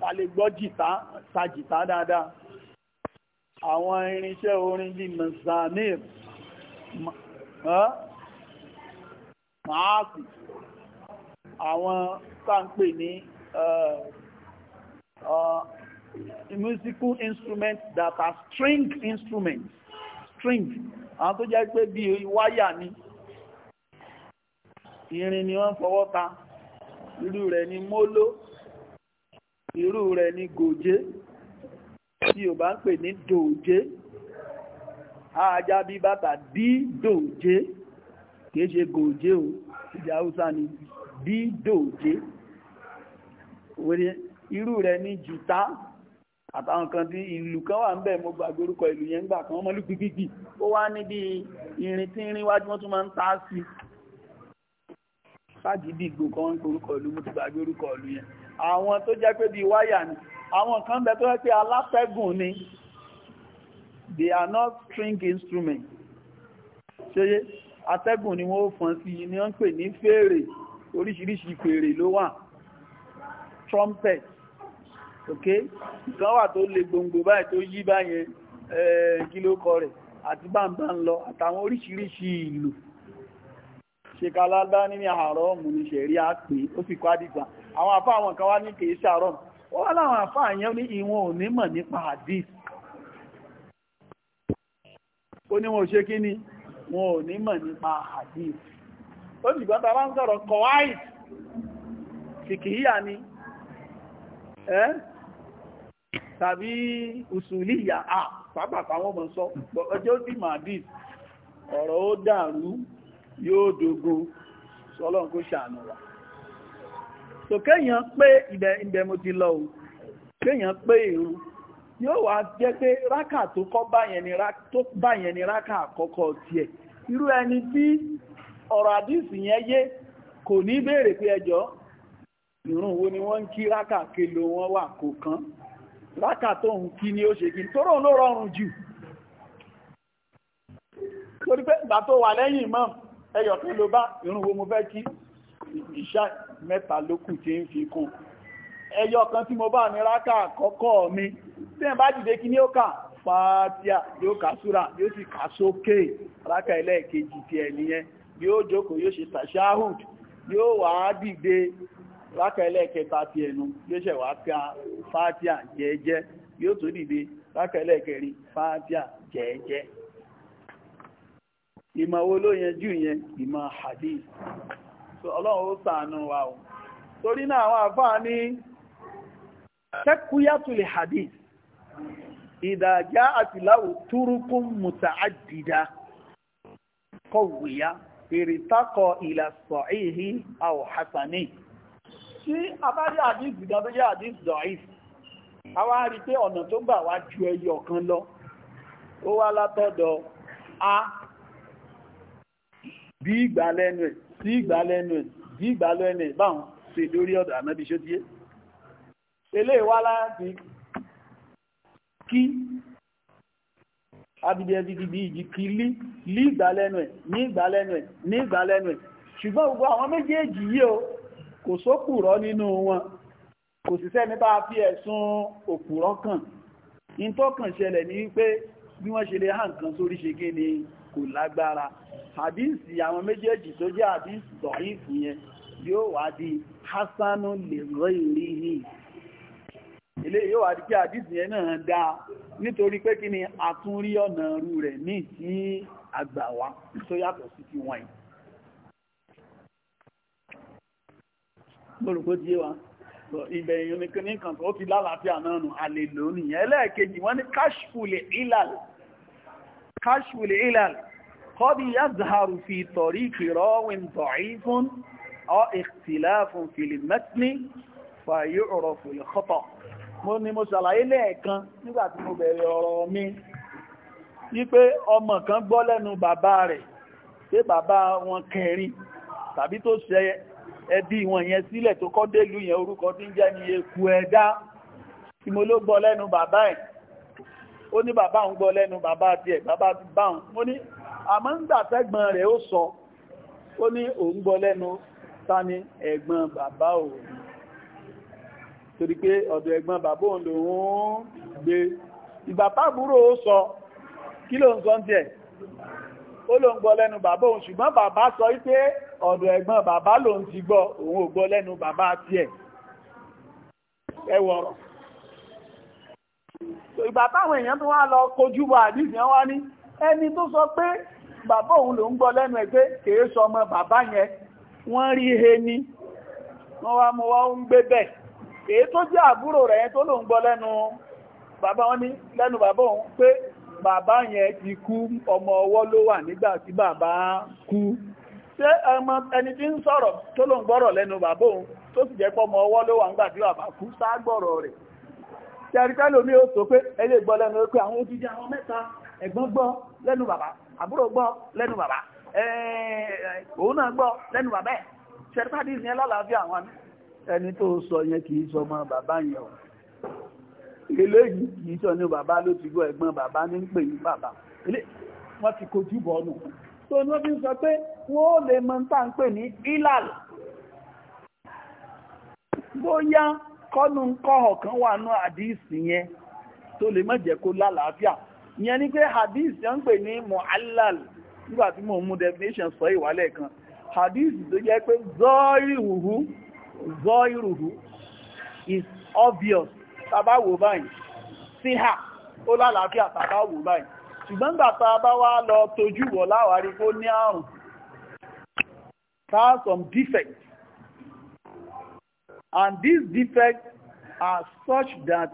ta lè gbọ́ jìtá ta jìtá dáadáa àwọn irinṣẹ́ orin bíi mazamir máàkù àwọn táǹpè ní musical instruments that are string instruments string àwọn tó jẹ́ pé bíi wáyà ni irin ni wọ́n fọwọ́ ta irú rẹ̀ ni móló irú rẹ̀ ni gòjé tí ò bá ń pè ní dòjé ajá bàtà dí dòjé kìí ṣe gòjé o ìjà haúsá ni dí dòjé irú rẹ̀ ni jùtá àtàwọn kan tí ìlú kan wà ń bẹ̀ mo gbàgbé orúkọ ìlú yẹn gbà kan ọmọlú pípípì ó wá níbi irin tí ń rí wájú wọ́n tún máa ń ta sí ságídí gbogbo wọn orúkọ ìlú mú ti gbàgbé orúkọ ìlú yẹn àwọn tó jẹ́ pé bí wáyà ni àwọn kan bẹ tó jẹ́ pé aláfẹ́gùn ni they are not string instrument ṣeye atẹ́gùn ni wọ́n ó fọn sí ni wọ́n ń pè ní fèrè oríṣiríṣi fèrè ló wà trumpet ok ìkan wà tó le gbòǹgbò báyìí tó yí báyẹn eh, kí ló kọ rẹ̀ àti bàbá ń lọ àtàwọn oríṣiríṣi ìlú ṣèkà aládá ní àárọ̀ mú ní ṣẹ̀rí àpè ó sì kọ́ àdìgbà àwọn àfá àwọn kan wá ní kìí ṣàárọ̀ ó wá láwọn àfá àyẹ́ ní ìwọ̀n ò mọ̀ nípa hadith ó ní wọn ò ṣe kí ni wọn ò mọ̀ nípa hadith ó sì gbọ́ta bá ń sọ̀rọ̀ kọ̀wáìt fìkìyà ni ẹ́ tàbí usuliya à pàápàá àwọn ọmọ hadith ọ̀rọ̀ ó dàrú yóò dogo sọ́lọ́n kó ṣàánú wa so kéèyàn pé ibẹ̀ mo ti lọ o kéèyàn pé irun yóò wá jẹ́ pé rákà tó kọ́ báyẹn ni rákà àkọ́kọ́ tiẹ̀ irú ẹni tí ọ̀rọ̀ àdìsí yẹn yé kò ní béèrè wo ni wọ́n ń kí kelo wọn wà kò kán rákà tó ń kí ni ó ṣe kí ló rọrùn jù torí ẹyọ̀ kan ló bá irun wo mo fẹ́ kí ìṣá mẹ́ta ló kù tí ń fi kún ẹyọ̀ kan tí mo bá ní rákà àkọ́kọ́ mi tí ẹ̀ bá dìde kí ní ó kà fàátíà yóò kà súra yóò sì kà sókè ẹlẹ́ẹ̀kejì ti eniyen bi yóò jókòó yóò ṣe tàṣáhùd yóò wà á dìde rákà ẹlẹ́ẹ̀kẹta ti ẹnu yóò ṣẹ̀ wá ka fàátíà jẹ́ẹ́jẹ́ yóò tó dìde rákà ẹlẹ́ẹ̀kẹrin fàátíà jẹ́ẹ́jẹ́ ìmọ̀ wo ló yẹn yẹn ìmọ̀ hadith ọlọ́run ó ṣàánú wa o torí náà àwọn àfáà ní tẹ́kúyàtùlẹ̀ hadith ìdàjá àtìláwò túrúkún mùtàádìdá kọ̀wìyá ìrìtàkọ̀ ìlàsọ̀ ìhí àwọ̀ hasani tí a bá rí hadith gan hadith a rí pé ọ̀nà tó gbà ju ẹyọ kan lọ ó wá látọ̀dọ̀ a bí ìgbà lẹ́nu ẹ̀ sí ìgbà lẹ́nu ẹ̀ bí ìgbà lẹ́nu ẹ̀ báwọn ṣe lórí ọ̀dọ̀ ànábi ṣótíyé eléyìí wá láti kí abidjan ti di ìjì kí lí lí ìgbà lẹ́nu ẹ̀ ní ìgbà lẹ́nu ẹ̀ ní ìgbà lẹ́nu ẹ̀ ṣùgbọ́n gbogbo àwọn méjèèjì yìí o kò sókùrọ̀ nínú wọn kò sì sẹ́ni bá fi ẹ̀sùn òpùrọ̀ kàn in tó kàn ṣẹlẹ̀ ní wípé bí wọ́n ṣe lè hàn kan sórí ni kò lágbára hadisi àwọn méjèèjì tó jẹ́ hadisi dọ̀ífù yẹn yóò wá di hasanu lè rọ ìrírí ilé yóò wá di pé hadisi yẹn náà dá nítorí pé kí ni a tún rí ọ̀nà rú rẹ̀ ní tí àgbà wa tó yàtọ̀ sí ti wọ̀nyí gbọ́rùkú díẹ̀ wa ibẹ̀ èèyàn nìkan ní kàn tó ti lálàáfíà náà nù àlè lónìí ẹlẹ́ẹ̀kejì wọ́n ní kashful ilal kashful ilal kọ́dí yázharu fi tọ̀rí kìrọ́wìn tọ̀ífún ọ ìtìláfún filimẹ́tìní fàyí ọ̀rọ̀ fìlìkọ́tọ̀ mo ni mo ṣàlàyé lẹ́ẹ̀kan nígbàtí mo bẹ̀rẹ̀ ọ̀rọ̀ mi wípé ọmọ kan gbọ́ lẹ́nu bàbá rẹ̀ pé bàbá wọn kẹrin tàbí tó ṣe ẹbí wọn yẹn sílẹ̀ tó kọ́ délù yẹn orúkọ tí ń jẹ́ ní eku ẹ̀dá tí mo ló gbọ́ lẹ́nu bàbá ẹ̀ ó ní bàbá òun gbọ́ lẹ́nu bàbá tiẹ̀ bàbá ti bá òun mo ní àmọ́ ń gbàtẹ́gbọ́n rẹ̀ ó sọ ó ní òun gbọ́ lẹ́nu tani ẹ̀gbọ́n bàbá òun torí pé ọ̀dọ̀ ẹ̀gbọ́n bàbá òun lòun gbé ìbàbá àbúrò ó sọ kí ló ń sọ ń tiẹ̀ ó ló ń gbọ́ lẹ́nu bàbá òun ṣùgbọ́n bàbá sọ wípé ọ̀dọ̀ ẹ̀gbọ́n bàbá lòun ti gbọ́ òun ò gbọ́ lẹ́nu bàbá tiẹ̀ ìgbà táwọn èèyàn tó wá lọ kojú bọ̀ àdìsí wá ní ẹni tó sọ pé bàbá òun ló ń gbọ́ lẹ́nu ẹ̀ kèé sọ ọmọ bàbá yẹn wọ́n rí he ni wọ́n wá mú wá ń gbé bẹ̀ kèé tó jẹ́ àbúrò rẹ̀ yẹn tó ló ń gbọ́ lẹ́nu bàbá wọn ní lẹ́nu bàbá òun pé bàbá yẹn ti kú ọmọ ọwọ́ ló wà nígbà tí bàbá kú ṣé ọmọ ẹni tí ń sọ̀rọ̀ tó ló ń gbọ́rọ̀ lẹ́nu bàbá òun tó sì jẹ́ pọ́ ọmọ ọwọ́ ló wà nígbà tí bàbá kú ságbọ̀rọ̀ rẹ̀ tí a omi ó sọ pé ẹlẹ́gbọ́ lẹ́nu pé àwọn òjijì àwọn mẹ́ta ẹ̀gbọ́n gbọ́ lẹ́nu bàbá àbúrò gbọ́ lẹ́nu bàbá òun náà gbọ́ lẹ́nu bàbá ẹ̀ ṣẹ̀rìfàdì ní ẹlọ́làáfíà àwọn ẹni tó sọ yẹn kìí sọ ọmọ bàbá yẹn o eléyìí kìí sọ ní bàbá ló ti gbọ́ ẹ̀gbọ́n bàbá ní ń pè ní bàbá wọ́n ti kojú bọ̀ ọ́nù tó ní wọ́n fi ń sọ pé wọ́n ó lè mọ tá à ń pè ní ilal bóyá kọ́nu kọ́họ̀ kan wà ní àdíìsì yẹn tó lè má jẹ́ kó lálàáfíà ìyẹn ni pé hadith yẹn ń pè ní mu'allal nígbà tí mo mú definition sọ ìwálẹ̀ kan hadith tó jẹ́ pé zọ́ìrùhù zọ́ìrùhù is obvious tàbá wò báyìí síhà ó lálàáfíà tàbá wò báyìí ṣùgbọ́n gbà tá a bá wá lọ tojú wọ̀ láwárí kó ní àrùn have some defects and these defects are such that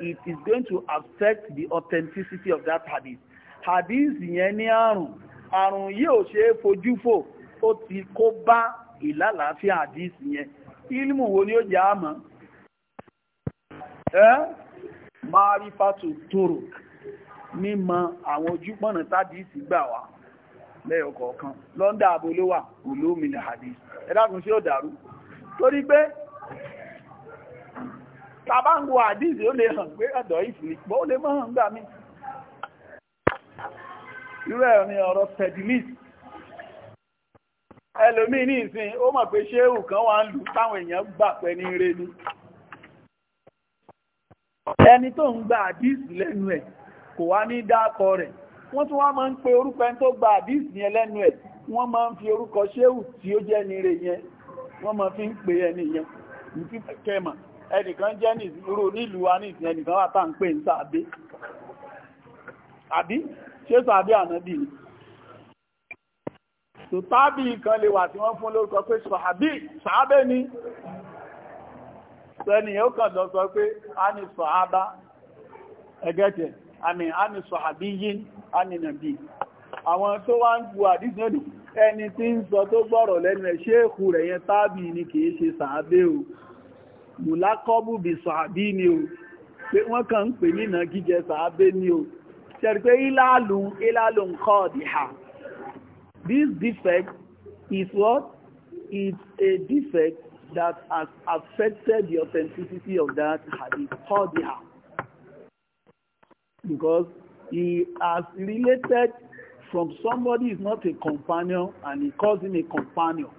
it is going to affect the authenticity of that hadith hadith yẹn ní àrùn àrùn yìí ò ṣe é fojú fò ó ti kó bá ìlàlàáfíà hadith yẹn ilmu wo ni ó jẹ́ àmọ́ ẹ́ marifatu turuk mímọ̀ àwọn ojúpọ̀nà tádìsì gbà wá lẹ́yọkọ̀ọ̀kan lọ́ndà àbólówà olómìnà hadith ẹ̀dàkùn sí ò dàrú torí pé tàbá ń wo àdíìsì ó lè hàn pé ọ̀dọ̀ ìfìlì pọ̀ ó lè mọ́ hàn gbà mí irú ẹ̀ ni ọ̀rọ̀ tẹ̀dílìsì ẹlòmí ní ìsìn ó mọ̀ pé ṣéhù kan wà ń lù táwọn èèyàn gbà pẹ́ ní ire ni ẹni tó ń gba àdíìsì lẹ́nu ẹ̀ kò wá ní dákọ rẹ̀ wọ́n tún wá máa ń pe orúkọ ẹni tó gba àdíìsì yẹn lẹ́nu ẹ̀ wọ́n máa ń fi orúkọ ṣéhù tí ó jẹ́ ní ire yẹn wọ́n máa fi ń pe ẹni yẹn ní kẹ́mà ẹnìkan jẹ́ nìrò nílùú wa ní ìsìn ẹnìkan wà tàà ń pè ń sàábé àbí ṣé sàábé ànábì ni tó tábì kan lè wà tí wọ́n fún lórúkọ pé sàábé sàábé ni sẹ́niyàn ó kàn lọ sọ pé a ní sàábá ẹgẹ́tẹ̀ àmì a ní sàábí yí a ní nàbí àwọn tó wá ń bu àdíjẹ́nì ẹni tí ń sọ tó gbọ́rọ̀ lẹ́nu ẹ̀ ṣéèkù rẹ̀ yẹn tábì ni kìí ṣe o mùlákọ́bù bí sàábí ni o pé wọ́n kàn ń pè ní ìnà gíjẹ sàábé ni o ṣẹ̀rí pé ìlàlù ìlàlù nǹkan ọ̀dìhà this defect is what is a defect that has affected the authenticity of that hadith ọ̀dìhà because he has related from somebody who is not a companion and he calls him a companion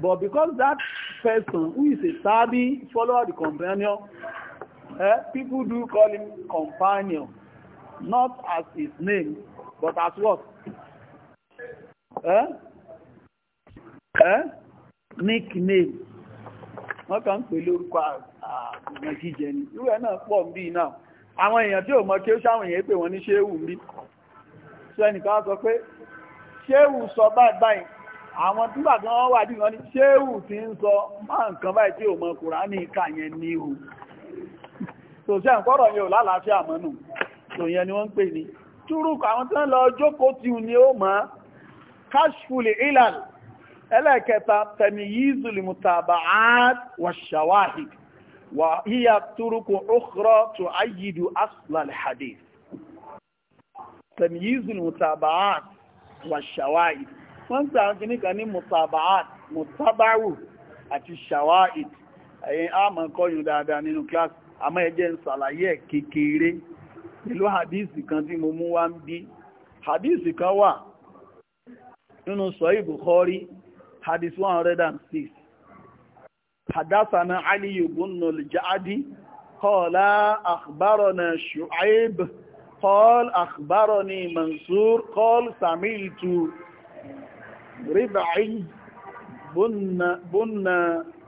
But because that person who is a Sabi follower the companion, eh, people do call him companion, not as his name, but as what? Eh? Eh? Nickname. Wọ́n kàn ń pè lórúkọ àmọ̀jíjẹ ni. Irú ẹ̀ náà pọ̀ ń bí náà. Àwọn èèyàn tí ò mọ̀ kí ó ṣáwọn èèyàn pè wọ́n ní ṣéwù ń bí. Ṣé ẹnìkan sọ pé ṣéwù sọ báyìí àwọn túnbà tí wọ́n wà ní wọ́n ní ṣéhù tí ń sọ máa nǹkan báyìí tí ò mọ kùránì ìkà yẹn ní o tó ṣe ǹkọ́rọ̀ yóò lálàáfíà mọ́nù tó yẹn ni wọ́n ń pè ní túrùkù àwọn tí wọ́n lọ jókòó tí ni ó mọ́ kashfuli wa shawahid wọ́n ń pè àwọn kìíní kan ní mutabaru àti shawa'id ẹ̀yìn àmọ́ kọ́yùn dáadáa nínú kíláàsì àmọ́ ẹ jẹ́ ń ṣàlàyé ẹ̀ kékeré pẹ̀lú hadisi kan tí mo mú wá ń bí hadisi kan wà nínú Sahih Bukhari hadith 106 حدثنا علي بن الجعد قال أخبرنا شعيب قال أخبرني منصور قال سمعت ربعي بن بن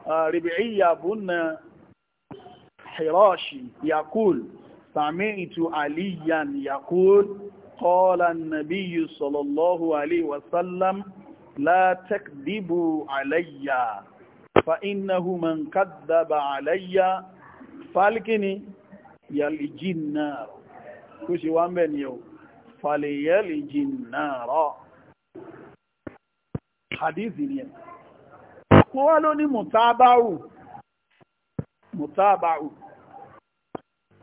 ربعية بن حراشي يقول سمعت عليا يقول قال النبي صلى الله عليه وسلم لا تكذبوا علي فإنه من كذب علي فالكني يلجي النار كوشي وامبن يو فليلجي النار hadith ni mo ló ní mùtábáwù mùtábáwù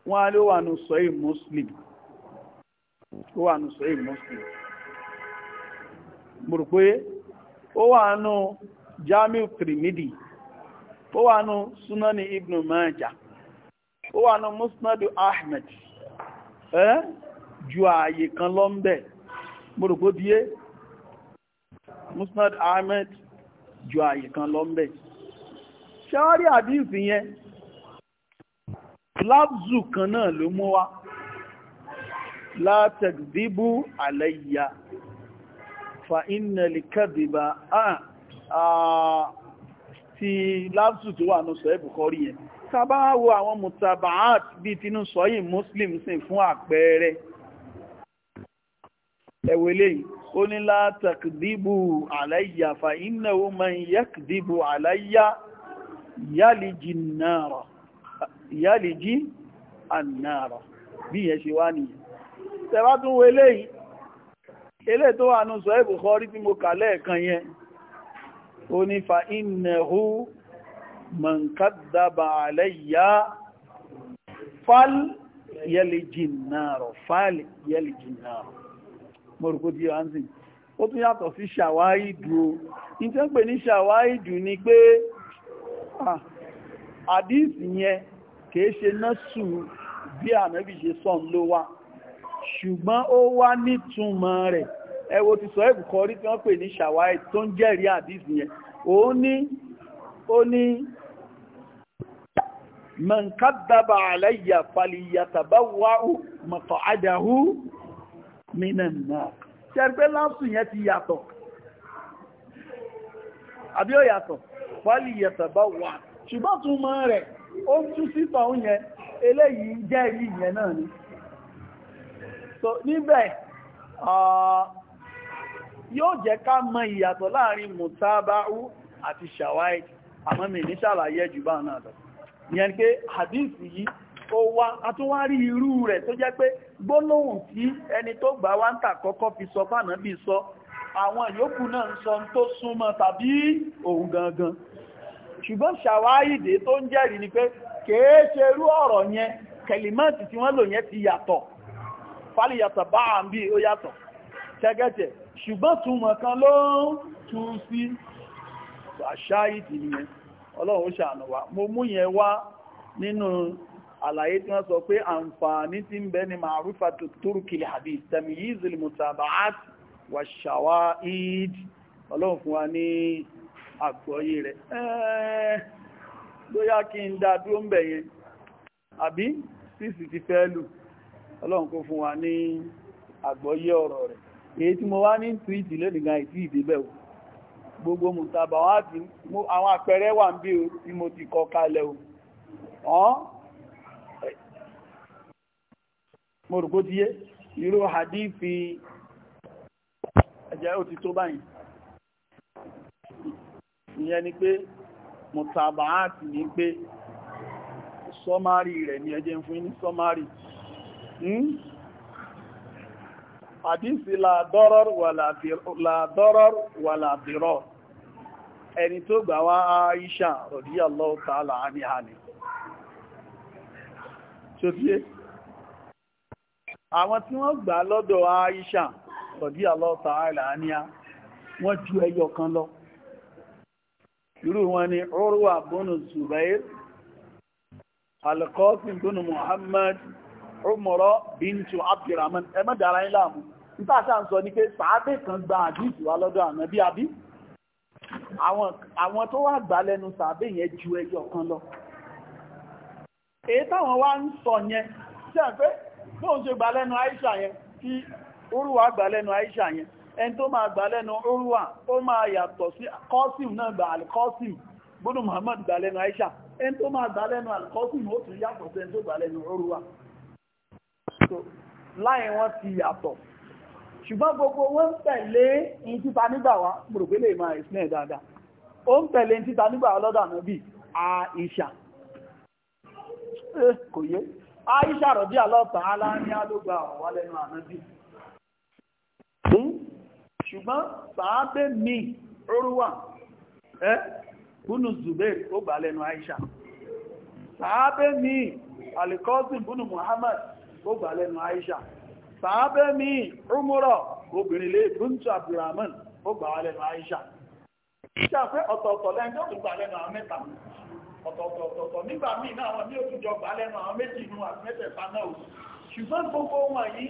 wọ́n ló wà ní sọ́yí muslim ó wà ní sọ́yí muslim mo ó wà ní jamiu trimidi ó wà ní sunani ibn ó wà ní musnadu ahmed ẹ́ ju ààyè kan Musnad Ahmed ju àyè kan lọ mbẹ̀ ṣáárí àdíìsì yẹn lábzù kan náà ló mú wá látẹ̀dìbú àlẹ́yà fa ìnàlì kẹ́dìbà ti lábzù tó wà ní sọ́ẹ̀bù kọrí yẹn tàbá wo àwọn mutabaat bí tinú sọ́yìn Muslim sì fún àpẹẹrẹ ẹ̀wẹ̀lẹ́yìn ó ní látàkìdìbò àláyà fa innahu man yakdibu àláyà yálìjì náà yálìjì ànáàrà bí yẹn ṣe wá nìyẹn tẹ́bá tún wo eléyìí eléyìí tó wà ní sọ ìbùkọ́rí tí mo kà lẹ́ẹ̀kan yẹn ó ní fa innahu man kadaba fal yálìjì náà fal yálìjì náà mọ̀rùkú tí wọ́n sì ó tún yàtọ̀ sí ṣàwáìdù o ní tí wọ́n pè ní ṣàwáìdù ni pé àdíìsì yẹn kìí ṣe násù bí ànábì ṣe sọ́n ló wá ṣùgbọ́n ó wá nítumọ̀ rẹ̀ ẹ ti sọ ẹ̀kùkọ́ rí tí wọ́n pè ní ṣàwáìdù tó ń jẹ́rìí àdíìsì yẹn òun ní ó ní man kadaba alayya faliyatabawa maq'adahu mínàn náà ṣẹ́rẹ́pẹ́ láàpù yẹn ti yàtọ̀ àbí ó yàtọ̀ wálì yẹ̀tọ̀ bá wà ṣùgbọ́n tún mọ́ rẹ̀ ó ń tú sítọ̀ oúnjẹ eléyìí jẹ́ ìlú ìyẹn náà ni so níbẹ̀ yóò jẹ́ ká mọ ìyàtọ̀ láàrin mùtábáú àti ṣàwáì àmọ́mì ní ṣàlàyé jù bá náà lọ ìyẹn pé hadith yìí ó wá àtúwárí irú rẹ̀ tó jẹ́ pé gbólóhùn tí ẹni tó gbà wá ń tà kọ́kọ́ fi sọ fánà bí sọ àwọn ìyókù náà ń sọ tó súnmọ́ tàbí òun gangan ṣùgbọ́n ṣàwáìdè tó ń jẹ́rìí ni pé kèé ọ̀rọ̀ yẹn kẹlìmọ́ọ̀tì tí wọ́n lò yẹn ti yàtọ̀ fálì yàtọ̀ bá à ń bí ó yàtọ̀ ṣẹ́gẹ́tẹ̀ ṣùgbọ́n túmọ̀ kan ló ń tú sí àṣà ìdí nìyẹn ọlọ́run ó ṣàánú wa mo mú yẹn wá nínú àlàyé tí wọ́n sọ pé àǹfààní tí ń bẹ ní ma'rufa turkil hadith tamyizil mutaba'at wa shawa'id ọlọ́run fún wa ní àgbọ́yé rẹ̀ lóyá kí n dá dúró ń bẹ̀ yẹn àbí sísì ti fẹ́ lù ọlọ́run kó fún wa ní àgbọ́yé ọ̀rọ̀ rẹ̀ èyí tí mo wá ní túwìtì lónìí ìtì ìdíbẹ̀ o gbogbo mùtàbà àwọn àpẹẹrẹ wà ń bí o tí mo ti kọ kalẹ̀ o mo rò kó ti yé irú hadithi ẹjẹ́ ó ti tó báyìí ìyẹn ni pé mùtàbáàtì ní pé sọ́márì rẹ̀ ni ẹjẹ́ fún ní sọ́márì àdísì làdọ́rọ̀ wà làdìrọ̀ ẹni tó gbà wá Aisha radiyallahu ta'ala anha ni tí ó tí àwọn tí wọ́n gbà lọ́dọ̀ Aisha ọ̀dí alọ́ta àìlàáníà wọ́n ju ẹyọ kan lọ irú wọn ni Urwa bónú Zubair al bónú Muhammad Umara bíntu Abdurrahman ẹmọ́dára ìlàmù nítàtà ń sọ ní pé kan gba àdíjù lọ́dọ̀ àwọn tó wà gbà lẹ́nu yẹn ju ẹyọ kan lọ èyí táwọn wá ń sọ yẹn bóun ṣe gbà lẹ́nu Aisha yẹn kí orúwà gbà lẹ́nu Aisha yẹn ẹni tó máa gbà lẹ́nu orúwà ó máa yàtọ̀ sí kọ́sìm náà gbà gbà lẹ́nu Aisha ẹni tó máa gbà lẹ́nu alkọ́sìm ó tún yàtọ̀ sí ẹni tó gbà lẹ́nu orúwà láì wọ́n ti yàtọ̀ ṣùgbọ́n gbogbo wọ́n Aisha rọ̀bí àlọ́tàn ní alógbà ọ̀wọ́ lẹ́nu ànábì. Hmm? Ṣùgbọ́n sàábé mi orúwà ẹ́ búnú Zubair ó gbà lẹ́nu Aisha. Sàábé mi Alikọ́sìn búnú Muhammad ó gbà lẹ́nu Aisha. Sàábé mi Umuro obìnrin lè búntù Abdulrahman ó gbà lẹ́nu Aisha. ọ̀tọ̀ọ̀tọ̀ ọ̀tọ̀ọ̀tọ̀ọ̀tọ̀ nígbà míì náà wọn ní ó tún jọ gbà lẹ́nu àwọn méjì inú àtúnẹ́tẹ̀fà náà ò ṣùgbọ́n gbogbo wọn yìí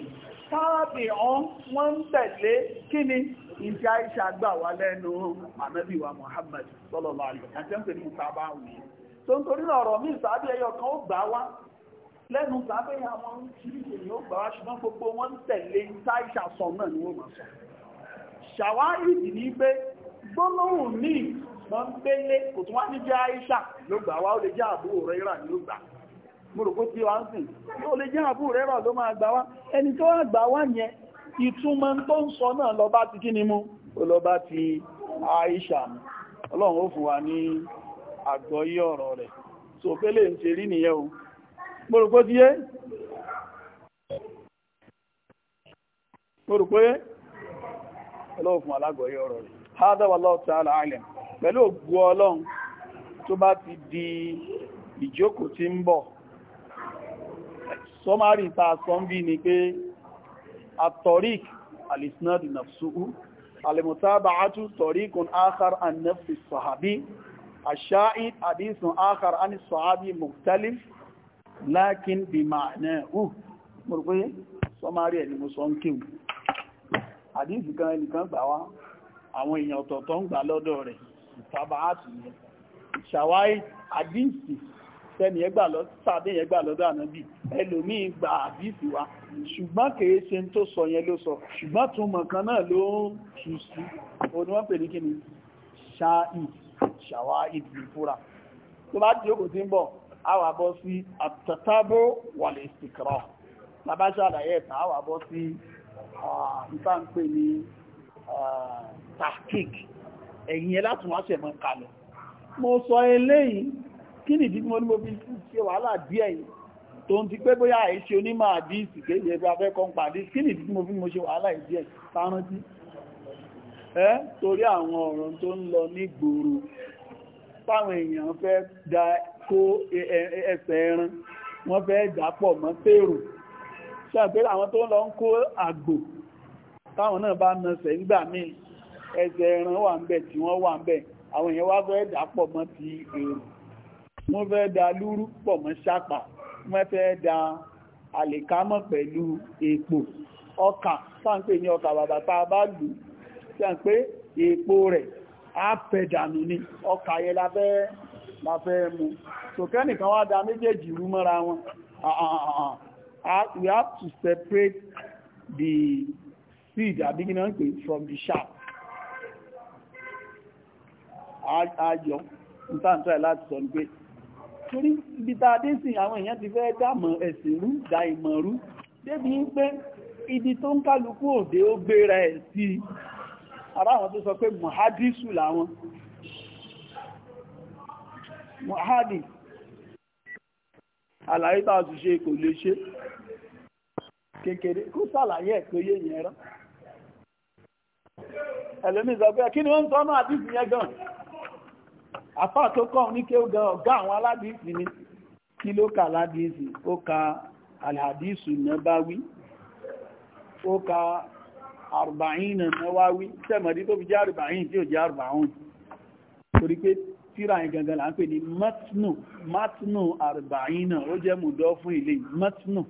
táàbì ọ́n wọ́n ń tẹ̀lé kí ni ìjẹ́ àìṣà gbà wá lẹ́nu ànábì wa Muhammad sallallahu alaihi wasallam àti ẹ̀ńpẹ̀ ní ìsàbá wù tó ń torí ọ̀rọ̀ mí ìsàbí ẹyọ kan ó gbà wá lẹ́nu ìsàbí àwọn ṣíríṣẹ́ ni ó gbà wá ṣùgbọ́n gbogbo wọn ń tẹ̀lé táìṣà sọ náà ni wọ́n máa sọ ṣàwárí ìdí pọ́n pélé kò tún wá ní jẹ́ Aisha ló gbà wá ó lè jẹ́ àbúrò rẹ̀ ìrà ló gbà mo rò o tí wá ń sìn ó lè jẹ́ àbúrò rẹ̀ ìrà ló máa gbà wá ẹni tó wá wá yẹn ìtumọ̀ tó ń sọ náà lọ ti kí ni mú ti ọlọ́run wa ọ̀rọ̀ rẹ̀ so pélé ń o pẹ̀lú ògbú ọlọ́run tó bá ti di ìjókòó tí ń bọ̀ sọmárì ta sọ́nbí ni pé àtọ̀rík alisnad nafsuhu almutaba'atu tariqun akhar an nafsi sahabi ash-sha'id hadithun akhar an sahabi mukhtalif lakin bi ma'nahu mo rò pé sọmárì ẹ̀ ni mo sọ ìtàbáàtì yẹn ṣàwárí àdíìsì tẹ́ni ẹgbà lọ tàbí ẹgbà lọ́dọ̀ ànábì ẹlòmíì gba àdíìsì wa ṣùgbọ́n kèé ṣe tó sọ yẹn ló sọ ṣùgbọ́n túmọ̀ kan náà ló ń tù sí òní wọ́n pè ní kíni ṣáì ṣàwárí ìfúra tó bá ti yókò tí ń ẹ̀yìn ẹ látùn wáṣẹ̀ mọ́ kalẹ̀ mo sọ eléyìí kí nìdí mo ní mo fi ṣe wàhálà díẹ̀ yìí tó ń ti pé bóyá àìṣe onímọ̀ àdíìsì kéyìí ẹgbẹ́ afẹ́kọ́ pàdé kí nìdí mo fi mo ṣe wàhálà díẹ̀ sárántí ẹ́ torí àwọn ọ̀rọ̀ tó ń lọ ní gbòòrò táwọn èèyàn fẹ́ da kó e, e, e, ẹsẹ̀ ẹran wọ́n fẹ́ dàpọ̀ mọ́ fèrò ṣàpẹ́rẹ́ àwọn tó ń lọ ń kó àgbò táwọn náà bá nọsẹ̀ nígbà míì ẹsẹ̀ ẹran wà ń bẹ̀ tí wọ́n wà ń bẹ̀ àwọn èèyàn wá fẹ́ dà pọ̀ mọ́ ti èrò wọ́n fẹ́ da lúrú pọ̀ mọ́ ṣàpà wọ́n fẹ́ da àlìkámọ̀ pẹ̀lú èpò ọkà sáǹpé ní ọkà bàbà tá a bá lù sáǹpé èpò rẹ̀ á pẹ̀ dànù ni ọkà yẹn la fẹ́ la fẹ́ mu sòkẹ́nìkan wá da méjèèjì rú mọ́ra wọn we have to separate the seed àbígínà pé from the shaft ayọ̀ nítàntọ́ ẹ̀ láti sọ ní pé torí ibi tá a dé sí àwọn èèyàn ti fẹ́ dámọ̀ ẹ̀sìn rú da ìmọ̀ rú débi pé ibi tó ń kálukú òde ó gbéra ẹ̀ sí ara àwọn tó sọ pé mohadisu làwọn mohadi àlàyé a ti ṣe kò lè ṣe kékeré kó sàlàyé ẹ̀ pé yé yẹn rán ẹlòmí sọ pé kí ni ó ń sọ náà àdìsí yẹn gan-an àfáà tó kọ́ ní kí ó gan ọ̀gá àwọn aládìísì ni kí ló ka aládìísì ó ka alhadisu nabawi ó ka arba'in nawawi tẹ́mọ̀dí tó fi jẹ́ arba'in tí ó jẹ́ arba'un torí pé tíra yẹn gangan là ń pè ní matnu matnu arba'in ó jẹ́ mùdọ́ fún ilé matnu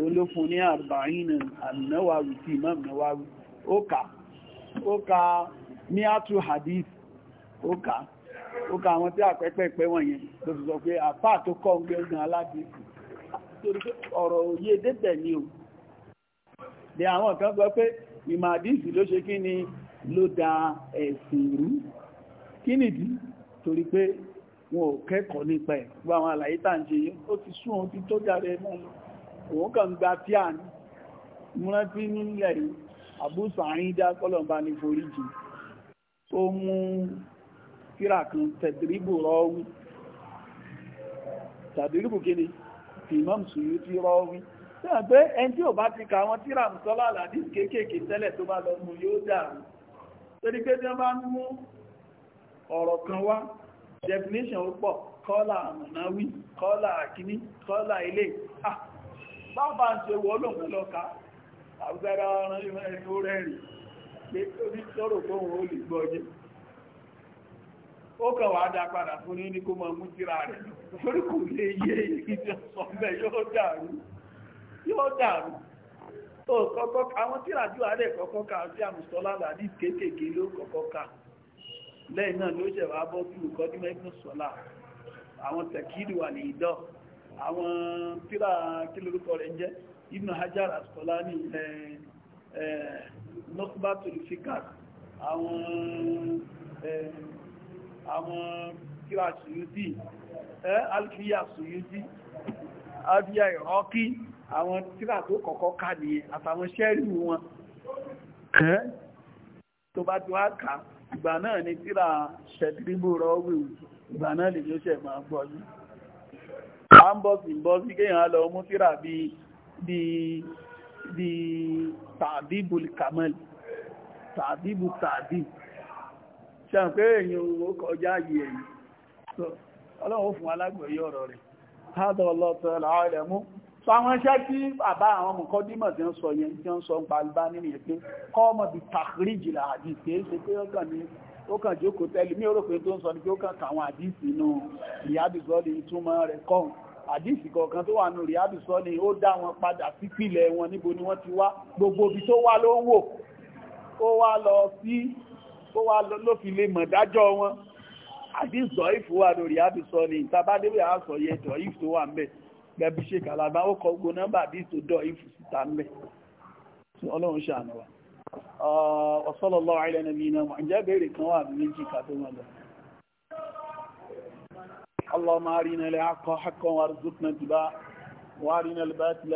ó ló fún ní arba'in nawawi tí imam nawawi ó ka ó ka miatu hadith ó ka ó ka àwọn tí àpẹ́pẹ́pẹ́ wọ̀n yẹn tó fi sọ pé àfá tó kọ́ ń gbé ogun aládìsí torí pé ọ̀rọ̀ òye débẹ̀ ni o de àwọn kan gbọ́ pé ìmọ̀ àdìsí ló ṣe kí ni ló da ẹ̀sìn rú kí nìdí torí pé wọn ò kẹ́kọ̀ọ́ nípa ẹ̀ gbọ́ àwọn àlàyé tàà ń ṣe yìí ó ti sún ohun tí tó jáde mọ́ lọ òun kàn gba píà múrántí nílẹ̀ yìí àbúsàn àrídá kọ́lọ̀mbá ní foríjì ó mú tíra kan tẹ̀dìríbù rọ́wí tẹ̀dìríbù kí ni imam suyuti rọ́wí tí a gbé ẹn tí ò bá ti ka àwọn tíra mùsọ́lá àlàdí kéékèèké tẹ́lẹ̀ tó bá lọ mú yóò dàrú torí pé tí wọ́n bá mú ọ̀rọ̀ kan wá definition ó pọ̀ kọ́là àmọ̀náwí kọ́là àkíní kọ́là ilé bábá ń ṣe wọ́n lòun lọ́ka àbúgbára ọ̀rọ̀ ìrìn orí ẹ̀rìn pé orí sọ́rọ̀ tó wọ́n ó ó kàn wá dá padà fún ní ní kó mọ mú tíra rẹ̀ lórí kò lè yé ìdí yóò dàrú yóò dàrú tó kọ́kọ́ àwọn tíra jù kọ́kọ́ ká sí àmùsọ́lá àdí kéékèèké ló kọ́kọ́ ká lẹ́yìn náà ló bọ́ ní mẹ́gbọ́n sọ́lá àwọn wà ní ìdọ́ àwọn tíra kí lórúkọ rẹ̀ jẹ́ Ibn Hajar àwọn àwọn kíra sùyútì alfiya sùyútì alfiya ìrọ́kí àwọn tíra tó kọ̀kọ́ ká ní àtàwọn ṣẹ́rì wọn tó bá ti wá ká ìgbà náà ni tíra ṣẹ̀dìrígbò rọ́wì ìgbà náà lè yóò ṣẹ̀ máa gbọ́ yìí a ń bọ́ sí bọ́ sí sẹ́wọ̀n pé èyàn ò kọjá yìí ẹ̀yìn ọlọ́run fún alágbòye ọ̀rọ̀ rẹ̀ hádọ́ ọlọ́tọ̀ aláàrẹ̀mú so àwọn iṣẹ́ tí bàbá àwọn ọmọkọ́ dímọ̀ tí ó sọ yẹn tí ó ń sọ ń pa albá nínú ẹ̀ pé kọ́ọ̀mọ̀ bí tàkìríjìlá àdìsí èé ṣe pé ó kàn jókòó tẹ́lẹ̀ mí ó rò pé tó ń sọ ní pé ó kàn kàwọn àdìsí inú ìyábìsọ́lì ìtumọ̀ rẹ̀ kọ́ùn àdìsí kọ̀ọ̀kan tó wà nù ìyábìsọ́lì ó dá wọn padà sípìlẹ̀ wọn níbo ni wọ́n ti wá gbogbo ibi tó wá ló ń wò ó wá lọ sí kó wá lọ ló fi lè mọ̀ dájọ́ wọn àti zọ̀ ìfò wà lórí àbìsọ ni ìtabádéwé àásọ yẹ dọ̀ ìfò tó wà ń bẹ̀ gẹ̀bí ṣe kàlàbá ó kọ gbogbo nọ́mbà àbí tó dọ̀ ìfò síta ń bẹ̀ ọlọ́run ṣàánú wa ọ̀sọ́lọ́lọ́ àìlẹ́nà mi náà ǹjẹ́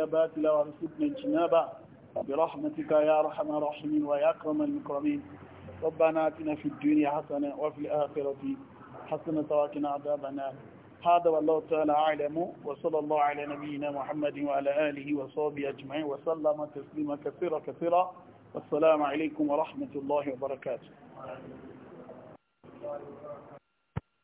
béèrè kan برحمتك يا رحمة الراحمين ويا أكرم المكرمين ربنا آتنا في الدنيا حسنة وفي الآخرة حسنة وقنا عذابنا هذا والله تعالى أعلم وصلى الله على نبينا محمد وعلى آله وصحبه أجمعين وسلم تسليما كثيرا كثيرا والسلام عليكم ورحمة الله وبركاته